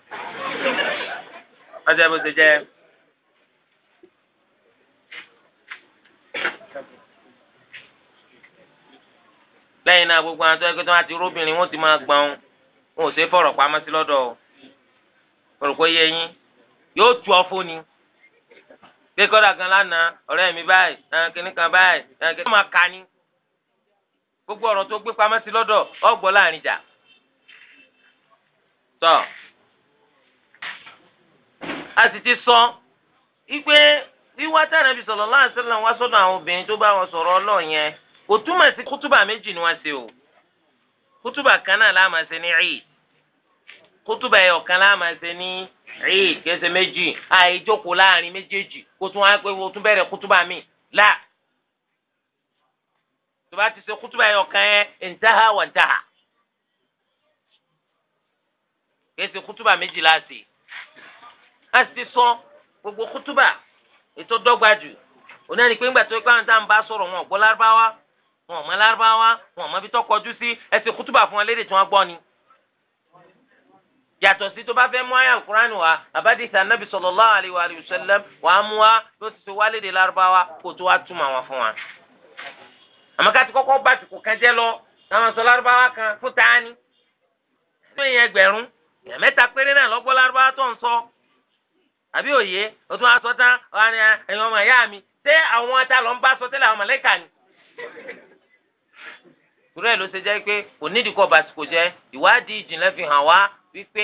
ọjọ́ bó jẹ́. lẹ́yìn náà gbogbo àwọn àtọ́jú tó wá ti róbìnrin wọ́n ti máa gbọ́n wọn ò ṣe fọ̀rọ̀ pamọ́ sí lọ́dọ̀ o òrùkọ yẹ yín yóò tu ọ fún ni pé kan lánàá ọ̀rẹ́ mi báyìí kan báyìí kan máa ka gbogbo ọ̀rọ̀ tó gbé pamọ́ sí lọ́dọ̀ láàrin tọ́ a sì ti sọ wípé wíwá tára bí sọ̀rọ̀ láàṣẹ náà wá sọ́dọ̀ àwọn obìnrin tó bá wọn sọ̀rọ̀ ọlọ́ọ̀ yẹn kò túmọ̀ sí kútùbà méjì ni wọ́n ṣe o kútùbà kan náà láàmà ṣe ní Eid kútùbà ẹ̀yọ̀ kan láàmà ṣe ní Eid kẹsẹ̀ méjì àìjókòó láàrin méjèèjì kó tún wá pé o tún bẹ̀rẹ̀ kútùbà mi là tó bá ti ṣe kútùbà ẹ̀yọ̀ kan yẹn intaha wa intaha. kèsì kútúbà méjì láti a sì sọ gbogbo kútúbà ètò dọ́gba jù onáni pé ńgbà tó ń pàrọ̀ tá à ń bá sọ̀rọ̀ wọn ò gbọ́ lárúbáwá wọn ò mọ lárúbáwá wọn ò mọ ibi tó kọjú sí ẹ sì kútúbà fún wọn lédè tí wọ́n gbọ́ ni yàtọ̀ sí tó bá fẹ́ mú àyà alukur'an wa abadisa anabi sallallahu alayhi wa alihi wa sallam wà á mú wa bí ti ṣe wálé de larubawa kó tó wá túmọ̀ wọn fún wa. àmọ́ ká ti kọ́kọ́ bá tìkù kan lọ táwọn sọ larubawa kan fún tani. tó yẹn ẹgbẹ̀rún èèyàn mẹ́ta péré náà lọ́gbọ́ lárúbáwá tó ń sọ àbí òye o tún wá sọ tán ẹ̀yin ọmọ ìyá mi ṣé àwọn ata lọ ń bá sọ tẹ́lẹ̀ àwọn mọ̀lẹ́kà ni. ìrẹ́ ló ṣe jẹ́ pé kò nídìí kọ́ bàtìkò jẹ́ ìwádìí ìjìnlẹ̀ fi hàn wá wípé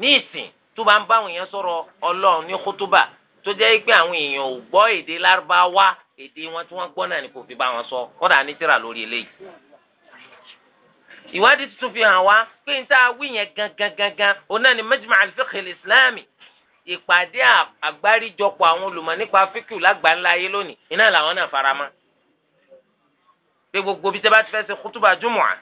ní ìsìn tó bá ń bá àwọn èèyàn sọ̀rọ̀ ọlọ́run ní kútúbà tó jẹ́ pé àwọn èèyàn ò gbọ́ èdè lárúbáwá èdè wọn tí wọ́n gbọ́ náà ni kò fi bá wọn sọ kọ́dà ní tírà lórí eléyìí ìwádìí tuntun fi hàn wá pé n ta wí yẹn gangan gangan òun náà ni mẹjìmọ àlùfẹ́kẹ̀lẹ̀ ìsìláàmì ìpàdé àgbáríjọpọ̀ àwọn olùmọ̀ nípa fíkìú lágbàńlá ayé lónìí iná làwọn náà faramọ́ pé gbogbo bí tẹ́ bá ti fẹ́ ṣe kútùbà jùmọ̀à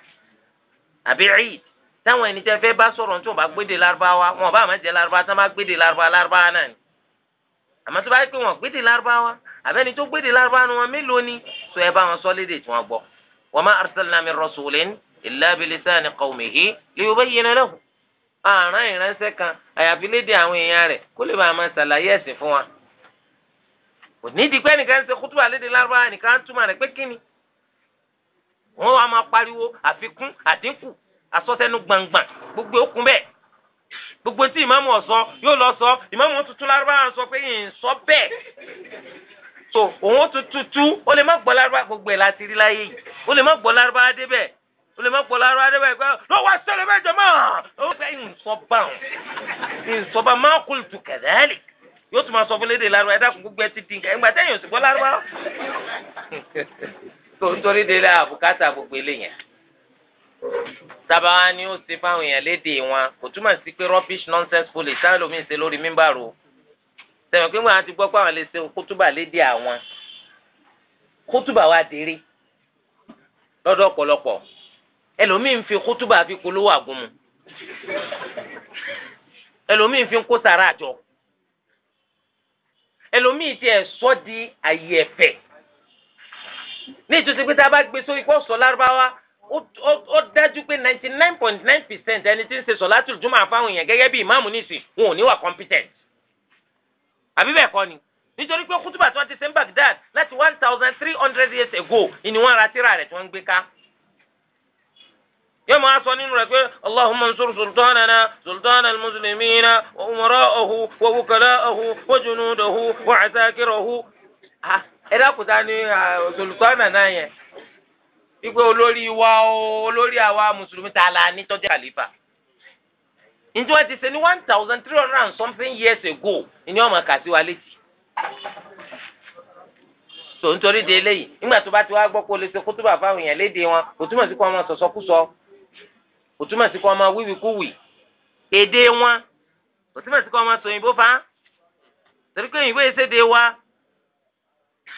àbí eid táwọn ẹni tẹ́ fẹ́ bá sọ̀rọ̀ tí wọ́n bá gbédè lárúbáwá wọn bá àmọ́ jẹ́ lárúbáwá tí wọ́n bá gbédè lárúbáwá lárúbáwá náà ni àmọ́ tó bá yẹ pé wọ́n gbédè lárúbáwá àbẹ́ni tó gbédè lárúbáwá ni wọ́n mélòó ni sọ ẹ bá wọn sọ lédè tí wọ́n gbọ́ wa ma arsalna min rasulin illa bilisani qawmihi liyubayyina lahu àrùn ìránṣẹ́ kan àyàfi léde àwọn èèyàn rẹ̀ kó lè bàa máa ṣàlàyé ẹ̀sìn fún wa. kò ní di pé nìkan ṣe kútùbà léde lárúbáwá nìkan túmọ̀ rẹ̀ pé kíni. wọ́n wá máa pariwo àfikún àdínkù asọ́tẹ́nu gbangban gbogbo okun bẹ́ẹ̀. gbogbo tí ìmáàmù ọ̀sọ́ yóò lọ sọ ìmáàmù tuntun lárúbáwá sọ pé yìí ń sọ bẹ́ẹ̀. so òun tuntun tú ó lè má gbọ́ lárúbáwá gbogbo ẹ̀ láti rí láyé yìí ó lè má gbọ́ lárúbáwá débẹ̀ o lè má pọ̀ lára adé báyìí pé ló wá sẹ́lẹ̀ bẹ́ẹ̀ jọmọ́ ó fẹ́ ìsọba ìsọba máa kú tù kẹ̀dẹ́ẹ̀lì yóò tún máa sọ fún léde lárúbá ẹ̀dá kúkú gbẹ ti dín kẹ́ ẹ̀gbà tẹ́yìn òsì bọ́ lárúbá tó ń torí délé àbùkátà gbogbo eléyẹn tábàá ni ó ṣe fáwọn èèyàn léde wọn kò túmọ̀ sí pé rubbish nonsense Police, táwọn lómi ń ṣe lórí mímbàrò sẹ̀wọ̀n pé wọ́n á ti gbọ́ pé àwọn lè ṣe kótóbà léde àwọn kótóbà wa déré lọ́dọ̀ ọ̀pọ̀lọpọ̀ ẹlòmíín fi kútúbà fi polówó àgùnmu ẹlòmíín fi kó sàrà àjọ ẹlòmíín tiẹ̀ sọ di àyè ẹ̀fẹ̀ ní ìtúsí pé tá a bá gbé sórí kó sọ lárúbáwá ó dájú pé ninety nine point nine percent ẹni tí ń ṣe sọ̀látùl júmọ̀ àfáwọn èèyàn gẹ́gẹ́ bí ìmáàmù nìsín wọn ò ní wà competent àbí bẹ́ẹ̀ kọ́ ni nítorí pé kútùbà tí wọ́n ti ṣe ní Baghdad láti one thousand three hundred years ago ni wọ́n ra rẹ̀ tí wọ́n ń gbé ká yóò máa sọ nínú rẹ̀ pé allahumma nsur sultanana sultana almuslimina wa umara'ahu wa wukala'ahu wa junudahu wa asakirahu. Ah, ẹ dákúta ni ah, sultanana yẹn wípé olórí wa olórí àwa mùsùlùmí ta la ní tọ́jú àlífà. ǹjẹ́ wọ́n ti ṣe one thousand three hundred and something years ago ni wọ́n máa kà sí wa létí. tó nítorí de eléyìí nígbà tó bá ti wá gbọ́ pé lè ṣe kótóbà fáwọn èèyàn léde wọn kò túmọ̀ sí kó wọn sọ̀sọ́kúsọ kò túmọ̀ sí kó ọmọ wíwì kú wì èdè wọn kò túmọ̀ sí kó ọmọ sọ òyìnbó fa torí pé òyìnbó yìí ṣèdè wa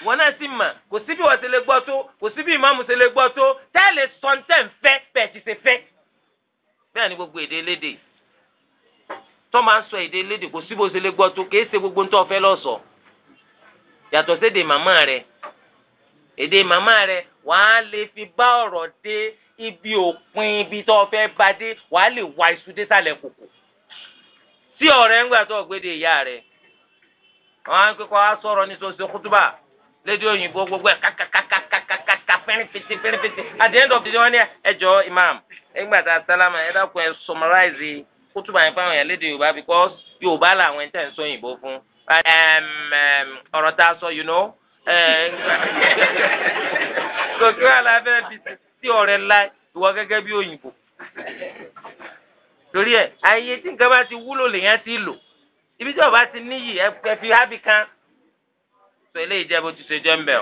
wọn náà sì mà kò sí bí wọn ṣe lè gbọ́ tó kò sí bí ìmáàmù ṣe lè gbọ́ tó tẹ́lẹ̀ sọ̀ǹtẹ̀ ń fẹ́ bẹ́ẹ̀ ti ṣe fẹ́ bẹ́ẹ̀ ni gbogbo èdè lédè tó máa ń sọ èdè lédè kò sí bó ṣe lè gbọ́ tó kì í ṣe gbogbo ntọ́ fẹ́ lọ́sọ̀ yàtọ̀ sédè màmá rẹ̀ èdè màmá rẹ̀ wàá lè fi bá ọ̀rọ̀ dé ibi òpin ibi tó fẹ́ bá dé wàá lè wá iṣu dé sálẹ̀ kòkò tí ọ̀rẹ́ ń gbà tó gbéde ìyá rẹ̀ àwọn akẹ́kọ̀ọ́ á sọ̀rọ̀ ní sọ́sẹ́ kútúbà lédè òyìnbó gbogbo ẹ̀ kàkàkàkàkàkà pẹ́rẹ́pẹ́tẹ́ pẹ́rẹ́pẹ́tẹ́ at the end of the day wọ́n ní ẹjọ́ imam ẹgbà tá a sálámà ẹ dákun ẹ summarize kútúbà yẹn fáwọn yẹn lédè yorùbá because yorùbá làwọn ẹ̀ ń sọ òyìnbó fún ọ̀rọ̀ tá a sọ you know eh, kò kí wàá bìtì sí ọ̀rẹ́ láì ìwọ gẹ́gẹ́ bí òyìnbó torí ẹ ayé tí nǹkan bá ti wúlò lèyàn ti lò ibi tí ọba ti níyì ẹ fi hábì kan sọ eléyìí jẹ bó ti ṣe jẹ ń bẹ̀